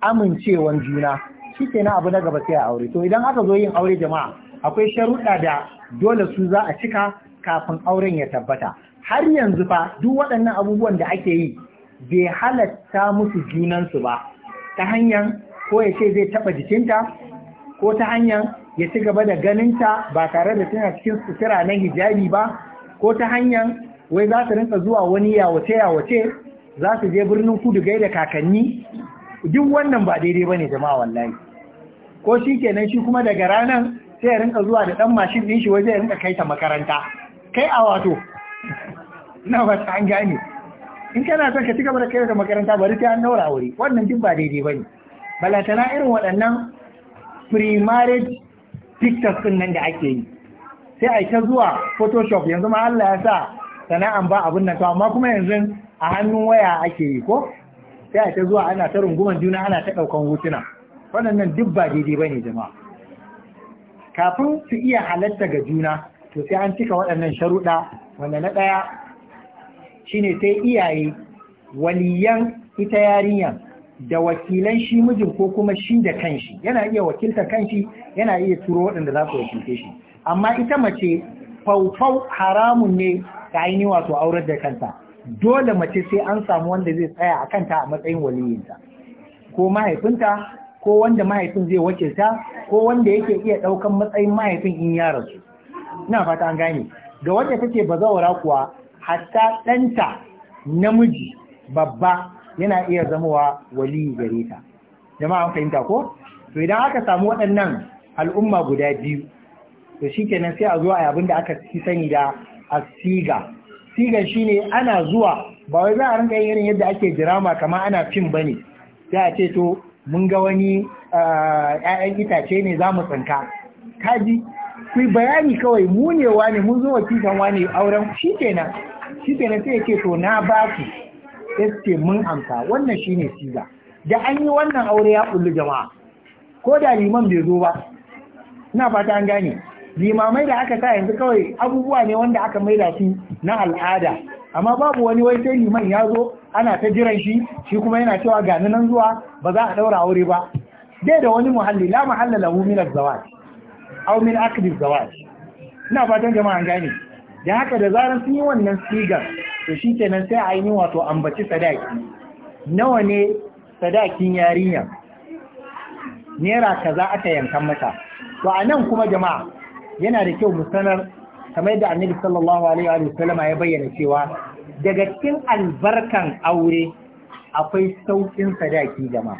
amincewan juna shi na abu na gaba sai a aure to idan aka zo yin aure jama'a akwai sharuɗa da dole su za a cika kafin auren ya tabbata har yanzu fa duk waɗannan abubuwan da ake yi bai halatta musu junansu ba ta hanyar ko ya ce zai taɓa jikinta ko ta hanyar ya ci gaba da ganinta ba tare da tana cikin sutura na hijabi ba ko ta hanyar wai za ta rinka zuwa wani yawace yawace za su je birnin kudu gai da kakanni duk wannan ba daidai ba ne jama'a wallahi ko shi kenan shi kuma daga ranar sai ya rinka zuwa da ɗan mashin ɗin shi waje ya rinka kai ta makaranta kai a wato na ba ta an gane in kana son ka ci gaba da kai ta makaranta bari sai an daura aure wannan duk ba daidai ba ne balatana irin waɗannan primary pictures ɗin nan da ake yi sai a ta zuwa photoshop yanzu ma Allah ya sa sana'an ba abin nan to amma kuma yanzu a hannun waya ake yi ko sai a ta zuwa ana ta runguman juna ana ta ɗaukan hotuna waɗannan duk ba daidai ba ne jama'a kafin su iya halatta ga juna to sai an cika waɗannan sharuɗa wanda na ɗaya shine sai iyaye waliyan ita yarinyan da wakilan shi mijin ko kuma shi da kanshi yana iya wakilta kanshi yana iya turo waɗanda za su wakilce shi amma ita mace faufau haramun ne ta ainihin wato aurar da kanta dole mace sai an samu wanda zai tsaya a kanta a matsayin waliyinta ko mahaifinta ko wanda mahaifin zai wakilta ko wanda yake iya ɗaukan matsayin mahaifin in ya rasu ina fata an gane ga wanda take bazawara kuwa hatta ɗanta namiji babba yana iya zamowa waliyi gare ta jama'a an fahimta ko to idan aka samu waɗannan al'umma guda biyu to shikenan sai a zo a abin da aka fi sani da asiga sigan ne ana zuwa ba wai za a rinka irin yadda ake jirama kama ana fim ne, sai a ce to mun ga wani ‘ya'yan itace ne za mu tsanka, Kaji, ku bayani kawai mu ne mun zo wakilkan wani auren shi kenan, shi kenan sai yake to na ba su mun amsa wannan shi ne siga. Da an yi wannan aure ya ƙulli jama'a, ko da liman bai zo ba, ina fata an gane. limamai da aka sa yanzu kawai abubuwa ne wanda aka maida su na al'ada amma babu wani wai sai liman ya zo ana ta jiran shi shi kuma yana cewa ga nan zuwa ba za a daura aure ba dai da wani muhalli la muhalla lahu min az-zawaj aw min aqdi az-zawaj ina fatan jama'an gane da haka da zaran sun yi wannan sigar to shikenan sai a yi wato ambaci sadaki nawa ne sadakin yarinya naira kaza aka yankan mata to anan kuma jama'a yana da kyau musanar sanar kamar yadda annabi sallallahu alaihi wa sallama ya bayyana cewa daga cikin albarkan aure akwai saukin sadaki gama.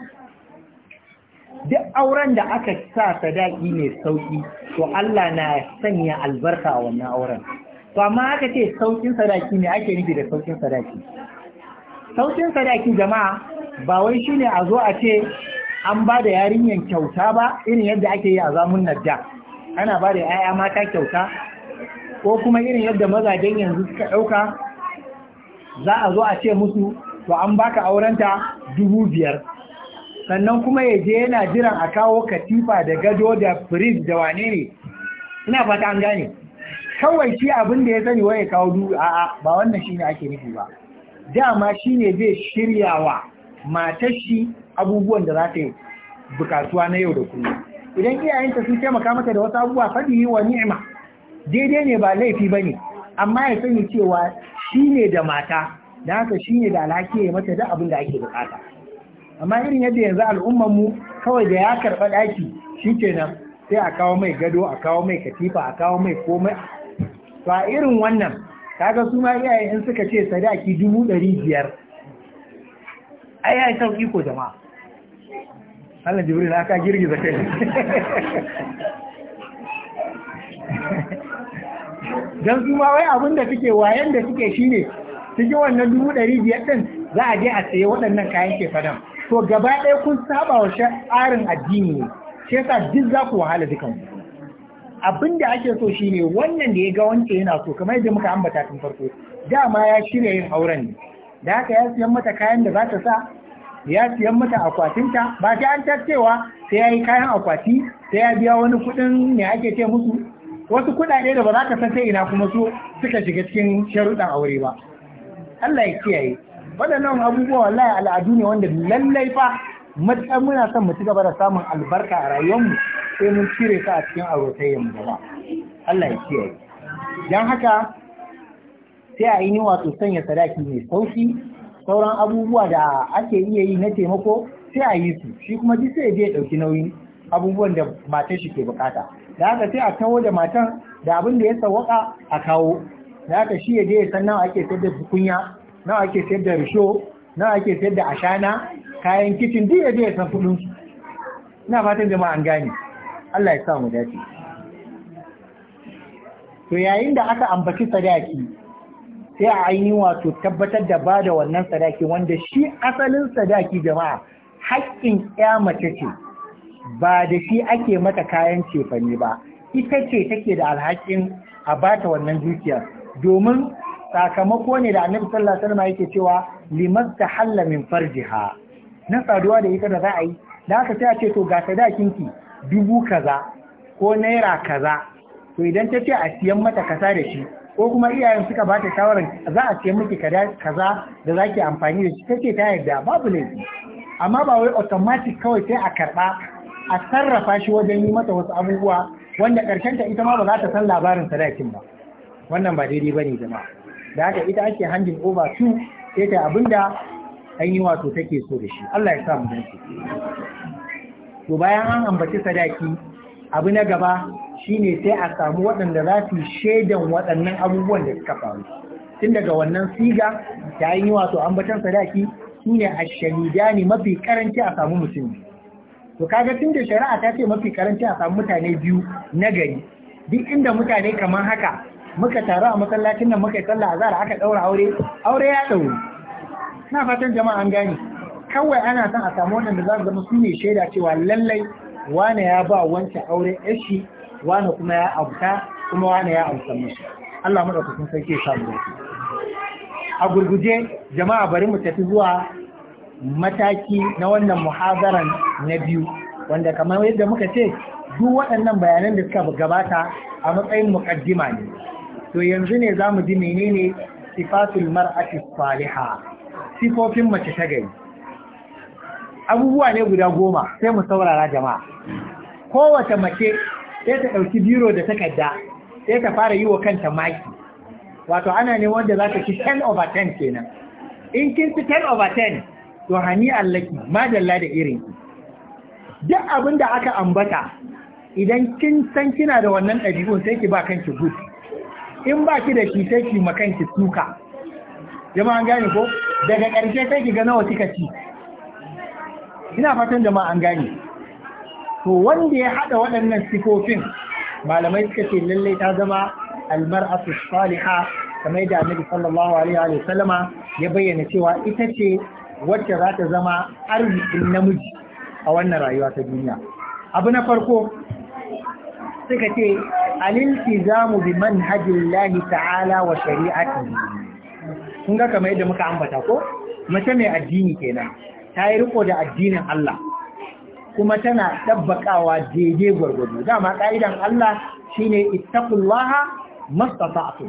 duk auren da aka sa sadaki ne sauki to Allah na sanya albarka a wannan auren to amma aka ce saukin sadaki ne ake nufi da saukin sadaki saukin sadaki jama'a ba wai shine a zo a ce an ba da yarinyan kyauta ba irin yadda ake yi a zamun najja ana ba da 'ya'ya mata kyauta ko kuma irin yadda mazajen yanzu suka ɗauka za a zo a ce musu to an baka aurenta dubu biyar sannan kuma ya je yana jiran a kawo katifa da gado da firij da wane ne ina fata an gane kawai shi abin da ya sani waye kawo dubu a'a ba wannan shi ne ake nufi ba dama shine zai shirya wa shi abubuwan da za ta yi bukatuwa na yau da kullum idan iyayenta sun taimaka mata da wasu abubuwa fadi wa ni'ima daidai ne ba laifi ba ne amma ya sani cewa shi ne da mata da haka shi ne da alhaki ya mata da abin da ake bukata amma irin yadda yanzu al'ummar mu kawai da ya karba ɗaki shi kenan sai a kawo mai gado a kawo mai katifa a kawo mai komai to a irin wannan kaga su ma iyaye in suka ce sadaki dubu ɗari biyar ai ai sauƙi ko jama'a Allah Jibril aka girgiza kai dan su ma wai abin da suke wayan da suke shine suke wannan dubu ɗari biyar ɗin za a je a saye waɗannan kayan ke fadan to gaba ɗaya kun saba wa tsarin addini ne shi yasa duk za ku wahala dukan abin da ake so shine wannan da ya ga wance yana so kamar yadda muka ambata tun farko dama ya shirya yin auren ne da haka ya siyan mata kayan da za ta sa ya siyan mata akwatinta ba sai an tacewa sai ya yi kayan akwati sai ya biya wani kuɗin me ake ce musu wasu kuɗaɗe da ba za ka san sai ina kuma su suka shiga cikin sharuɗan aure ba Allah ya kiyaye waɗannan abubuwa wallahi al'adu ne wanda lallai fa matsayin muna son mu ci gaba da samun albarka a rayuwarmu sai mun cire su a cikin aurotayyar mu gaba Allah ya kiyaye don haka sai a yi wato sanya sadaki mai sauki sauran abubuwa da ake iya yi na taimako sai a yi su shi kuma duk sai je ya ɗauki nauyin abubuwan da matar shi ke bukata da haka sai a kawo da matan da abin da ya sawaka a kawo da haka shi ya je ya san nawa ake sayar da tukunya nawa ake sayar da risho nawa ake sayar da ashana kayan kicin duk ya je ya san kudin su ina fatan jama'a an gane Allah ya sa mu dace to yayin da aka ambaci sadaki sai a ainihin wato tabbatar da ba da wannan sadaki wanda shi asalin sadaki jama'a haƙƙin ya mace ce ba da shi ake mata kayan cefane ba ita ce take da alhakin a ba ta wannan dukiyar domin sakamako ne da annabi sallallahu alaihi wasallam yake cewa limas tahalla min farjiha na saduwa da ita da za a yi da aka sai a ce to ga sadakin ki dubu kaza ko naira kaza to idan ta ce a siyan mata kasa da shi ko kuma iyayen suka ba ta shawarar za a ce miki kaza da za ki amfani da shi ta ce ta yarda babu laifi amma ba wai automatic kawai sai a karba a sarrafa shi wajen yi mata wasu abubuwa wanda karshen ta ita ma ba za ta san labarin sadakin ba wannan ba daidai bane jama'a da haka ita ake handin over to sai ta abinda an yi wato take so da shi Allah ya sa mu dace to bayan an ambaci sadaki abu na gaba shine sai a samu waɗanda za su shaidan waɗannan abubuwan da suka faru tun daga wannan siga da yi wato ambatan sadaki su ne a shahida ne mafi karanci a samu mutum to kaga tun da shari'a ta ce mafi karanci a samu mutane biyu na gari duk inda mutane kamar haka muka taru a masallacin nan muka yi sallah azhar aka ɗaura aure aure ya ɗauri na fatan jama'a an gane kawai ana son a samu waɗanda za su zama su ne shaida cewa lallai wane ya ba wancan aure yashi wane kuma ya abuta kuma wane ya abuta mashi Allah madaukakin sarki ya samu dace a gurguje jama'a bari mu tafi zuwa mataki na wannan muhazaran na biyu wanda kamar yadda muka ce duk waɗannan bayanan da suka gabata a matsayin muƙaddima ne to yanzu ne za mu ji menene sifatul mar'ati salihah sifofin mace ta gari abubuwa ne guda goma sai mu saurara jama'a kowace mace sai ta ɗauki biro da takarda sai ta fara yi wa kanta maki wato ana ne wanda za ta ci 10 over 10 kenan in kin ci 10 over 10 to hani allaki madalla da irin duk abin da aka ambata idan kin san kina da wannan ɗabi'un sai ki ba kanki good in ba ki da shi sai ki makanki suka jama'an gane ko daga ƙarshe sai ki ga nawa kika ci ina fatan da ma an gane to wanda ya hada waɗannan sifofin malamai suka ce lallai ta zama almar'atu salihah kamar da annabi sallallahu alaihi wa sallama ya bayyana cewa ita ce wacce za ta zama arzikin namiji a wannan rayuwa ta duniya abu na farko suka ce mu bi manhajillahi ta'ala wa shari'ati kun ga kamar yadda muka ambata ko mace mai addini kenan ta yi riko da addinin Allah kuma tana tabbakawa daidai gwargwado dama ka'idan Allah shine ittaqullaha mastata'tu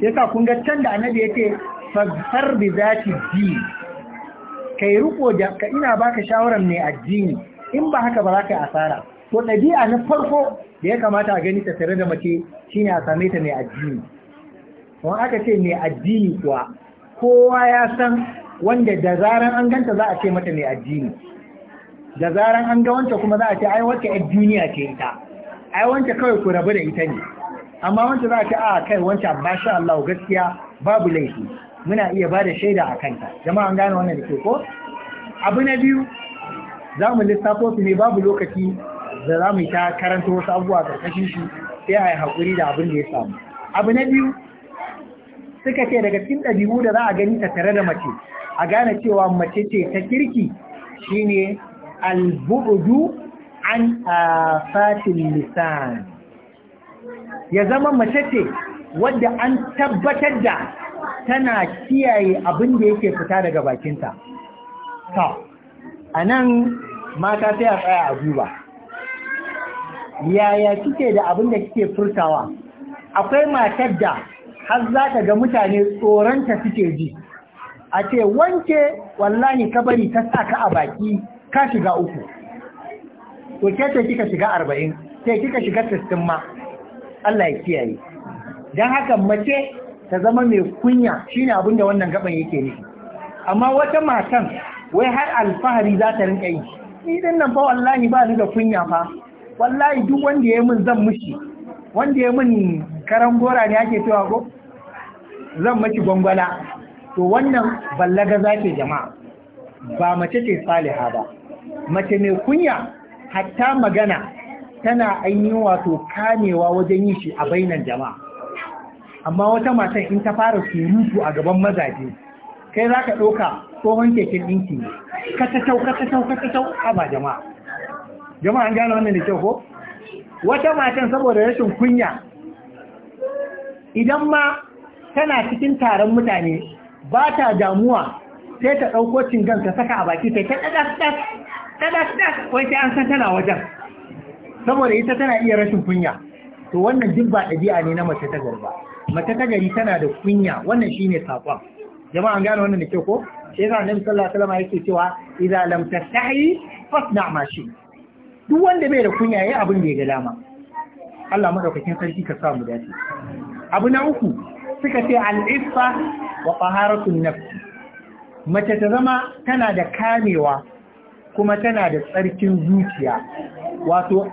sai ka kun ga can da annabi yake fasar bi zati din kai riko da ka ina baka shawaran mai addini in ba haka ba za ka yi asara to ɗabi'a na farko da ya kamata a gani ta tare da mace shine a same ta mai addini kuma aka ce mai addini kuwa kowa ya san wanda da zaran an ganta za a ce mata mai addini da zaran an ga wanta kuma za a ce ai wacce yar duniya ce ita ai wanta kawai ku rabu da ita ne amma wanta za a ce a kai wanta sha Allah gaskiya babu laifi muna iya ba da shaida a kanta jama'a an gane wannan dake ko abu na biyu za mu lissafo su ne babu lokaci da za mu ta karanta wasu abubuwa karkashin shi sai a yi haƙuri da abin da ya samu abu na biyu suka ce daga cikin ɗabi'u da za a gani tare da mace a gane cewa mace ce ta kirki shine albu'udu an fatin lisan ya zama mace ce wadda an tabbatar da tana kiyaye abin da yake fita daga bakinta ta a nan mata sai a tsaya a duba yaya kike da abin da kike furtawa akwai matar da har za ta ga mutane tsoronta suke ji a ce wanke wallahi ka bari ta sa ka a baki ka shiga uku to ke ce kika shiga arba'in sai kika shiga sittin ma Allah ya kiyaye don haka mace ta zama mai kunya shine abin da wannan gaban yake nufi amma wata matan wai har alfahari za ta rinka yi ni din nan fa wallahi ba ni da kunya fa wallahi duk wanda ya min zan mushi wanda ya min karan gora ne ake cewa ko zan miki gwangwala to wannan ballaga zace jama'a ba mace ce saliha ba mace mai kunya hatta magana tana ainihin wato kamewa wajen yi shi a bainan jama'a amma wata matan in ta fara surutu a gaban mazaje kai za ka ɗauka tsohon keken ɗinki ne katatau katatau katatau a ba jama'a jama'a an gane wannan da kyau ko wata matan saboda rashin kunya idan ma tana cikin taron mutane ba ta damuwa sai ta ɗauko cingan ta saka a baki ta ɗaɗaɗaɗaɗaɗaɗ wai sai an san tana wajen saboda ita tana iya rashin kunya to wannan duk ba ɗabi'a ne na mace ta garba mace ta gari tana da kunya wannan shine saƙon Jama'an an gane wannan da kyau ko sai yasa annabi sallallahu alaihi wasallam yake cewa idza ta tastahi fasna ma duk wanda bai da kunya ya abin da ya ga dama Allah maɗaukacin sarki ka sa mu dace abu na uku suka ce al'iffa wa ƙaharatun nafi mace ta zama tana da kamewa kuma tana da tsarkin zuciya wato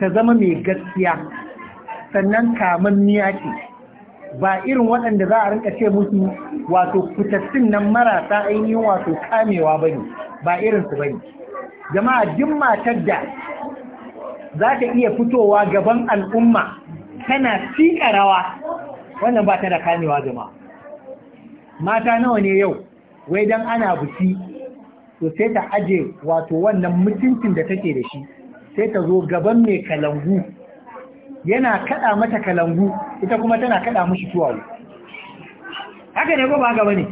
ta zama mai gaskiya sannan kamammiya ce ba irin waɗanda za a rinka ce musu wato fitattun nan marasa ainihin wato kamewa ba ne ba irinsu ba ne jama'a duk matar da za ta iya fitowa gaban al'umma tana siƙa rawa wannan ba ta da kamewa jama'a mata nawa ne yau wai dan ana buci to sai ta aje wato wannan mutuncin da take da shi sai ta zo gaban mai kalangu yana kaɗa mata kalangu ita kuma tana kaɗa mishi tuwawu haka ne ko ba gaba ne.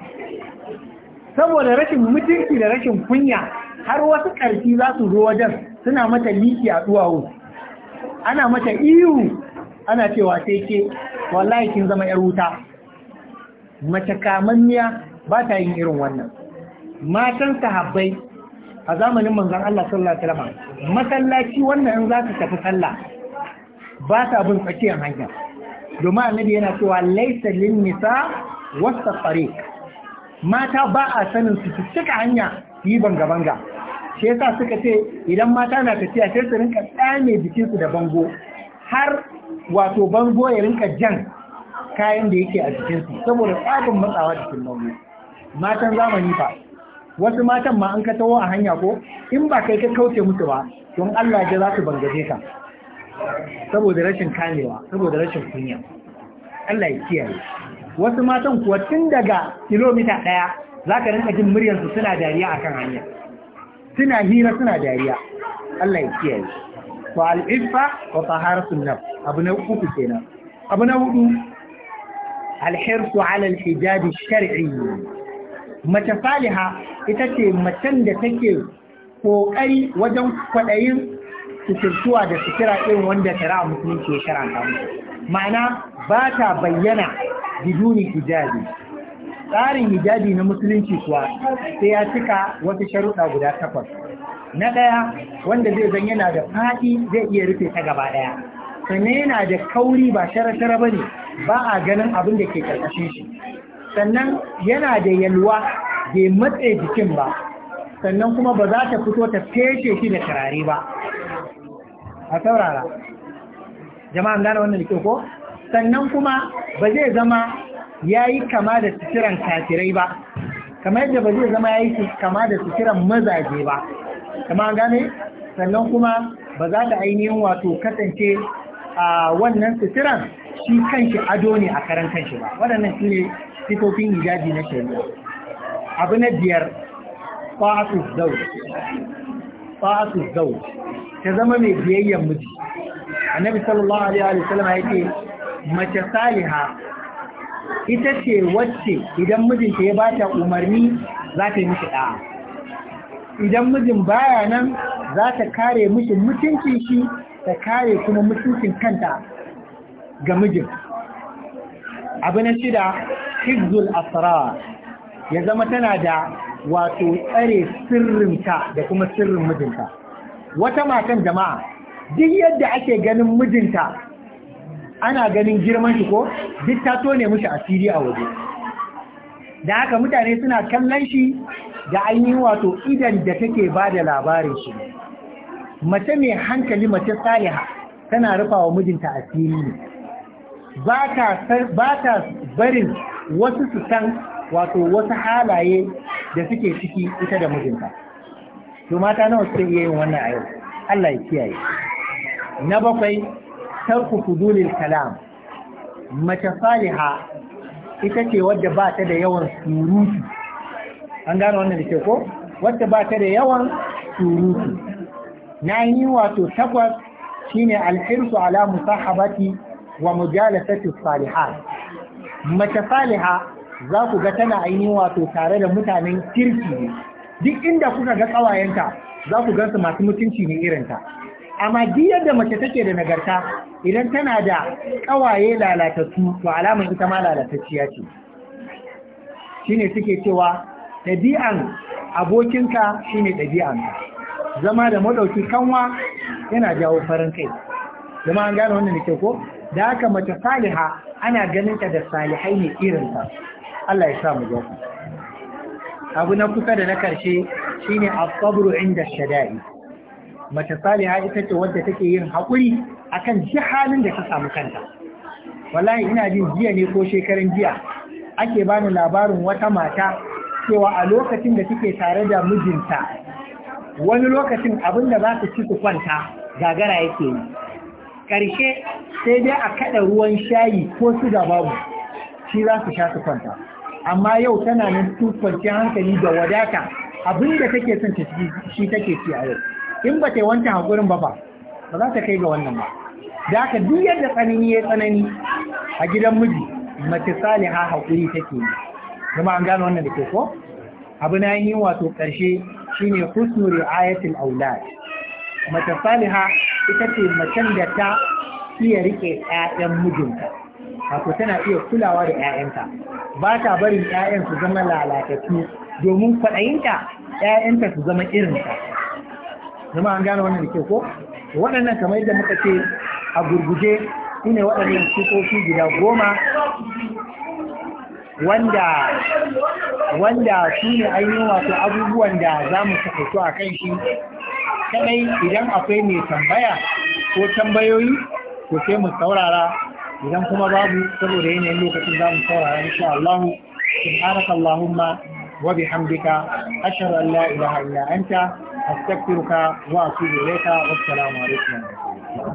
saboda rashin mutunci da rashin kunya har wasu ƙarfi za su zo wajen suna mata liki a duwawu ana mata iyu ana cewa sai ke wallahi kin zama yar wuta mace kamanniya ba ta yin irin wannan matan sahabbai a zamanin manzon Allah sallallahu alaihi wasallam masallaci wannan in zaka tafi sallah ba ta bin tsakiyar hanya domin annabi yana cewa laysa lin nisa wasta tariq mata ba a sanin su cika hanya yi banga banga shi yasa suka ce idan mata na tafiya sai su rinka tsame jikinsu da bango har wato bango ya rinka jan kayan da yake a jikinsu saboda tsabin matsawa jikin nauyi matan zamani fa wasu matan ma an ka taho a hanya ko in ba kai ka kauce musu ba don Allah ya za su bangaje ka saboda rashin kamewa saboda rashin kunya Allah ya kiyaye wasu matan kuwa tun daga kilomita ɗaya za ka rinka jin muryarsu suna dariya akan hanya suna hira suna dariya Allah ya kiyaye to al'iffa wa taharatul nafs abu na uku kenan abu na hudu alhirsu ala hijabi shar'i mace saliha ita ce macen da take kokari wajen kwaɗayin suturtuwa da sutura irin wanda tara musulunci ya sharanta ma'ana ba ta bayyana biduni hijabi tsarin hijabi na musulunci kuwa sai ya cika wasu sharuɗa guda takwas na ɗaya wanda zai zan yana da faɗi zai iya rufe ta gaba ɗaya sannan yana da kauri ba shara-shara ba ne ba a ganin abin da ke ƙarƙashin shi sannan yana da yalwa bai matse jikin ba sannan kuma ba za ta fito ta feshe shi da turare ba a saurara jama'an gane wannan da ko sannan kuma ba zai zama ya yi kama da suturan kafirai ba kamar yadda ba zai zama ya yi kama da suturan mazaje ba kama gane sannan kuma ba za ta ainihin wato kasance a wannan suturan shi kanshi ado ne a karan kanshi ba waɗannan shi ne sifofin ijabi na shari'a abu na biyar fa'asu zau fa'asu zau ta zama mai biyayyen miji annabi sallallahu alaihi wa sallam yake mace saliha ita ce wacce idan mijinta ya bata umarni za ta yi mishi da'a idan mijin baya nan za ta kare mishi mutuncin shi ta kare kuma mutuncin kanta ga mijin abu na shida hizul asrar ya zama tana da wato tsare sirrinta da kuma sirrin mijinta wata matan jama'a duk yadda ake ganin mijinta ana ganin girman shi ko duk ta tone mishi asiri a waje da haka mutane suna kallon shi da ainihin wato idan da take ba da labarin shi mace mai hankali mace saliha tana rufa wa mijinta asiri ne ba ta barin wasu su san wato wasu halaye da suke ciki ita da mijinta to mata nawa suke iya yin wannan a yau Allah ya kiyaye na bakwai tarku fudulil kalam mace saliha ita ce wadda ba ta da yawan surutu an gano wannan da ke ko wadda ba ta da yawan surutu na yi wato takwas shine alhirsu ala musahabati wa mujalasati salihat mace saliha za ku ga tana ainihin wato tare da mutanen kirki duk inda kuka ga kawayenta za ku gansu masu mutunci ne ta. amma duk yadda mace take da nagarta idan tana da kawaye lalatattu to alamar ita ma lalatacciya ce shine suke cewa ɗabi'an abokinka shine ɗabi'an zama da maɗauki kanwa yana jawo farin kai zama an gane wannan ke ko da haka mace saliha ana ganin da salihai ne irinta Allah ya sa mu zo abu na kusa da na karshe shine a sabru inda shada'i mace saliha ita ce wadda take yin haƙuri akan ji halin da ta samu kanta wallahi ina jin jiya ne ko shekaran jiya ake bani labarin wata mata cewa a lokacin da kike tare da mijinta wani lokacin abin da za su ci su kwanta gagara yake yi ƙarshe sai dai a kaɗa ruwan shayi ko su da babu shi za su sha su kwanta amma yau tana nan su kwanci hankali da wadata abin da take son ta ci shi take ci a yau in ba ta yi wancan haƙurin ba ba ba za ta kai ga wannan ba da haka duk yadda tsanani ya tsanani a gidan miji mace saliha hakuri take yi kuma an gano wannan da ke ko abu na yi wato ƙarshe shine husnu ri'ayatul aulad Mata saliha ita ce macen da ta iya rike ƴaƴan mijinta wato tana iya kulawa da ƴaƴanta ba ta barin ƴaƴan su zama lalatattu domin kwaɗayinta ƴaƴanta su zama irinta zama an gano wannan da ke ko waɗannan kamar yadda muka ce a gurguje shine waɗannan sifofi guda goma wanda wanda su ne ainihin wato abubuwan da za mu su a kan shi kadai idan akwai mai tambaya ko tambayoyi to sai mu saurara idan kuma babu saboda yanayin lokacin za mu saurara insha Allah subhanaka Allahumma wa bihamdika ashhadu an la ilaha illa anta astaghfiruka wa atubu ilayka wassalamu alaikum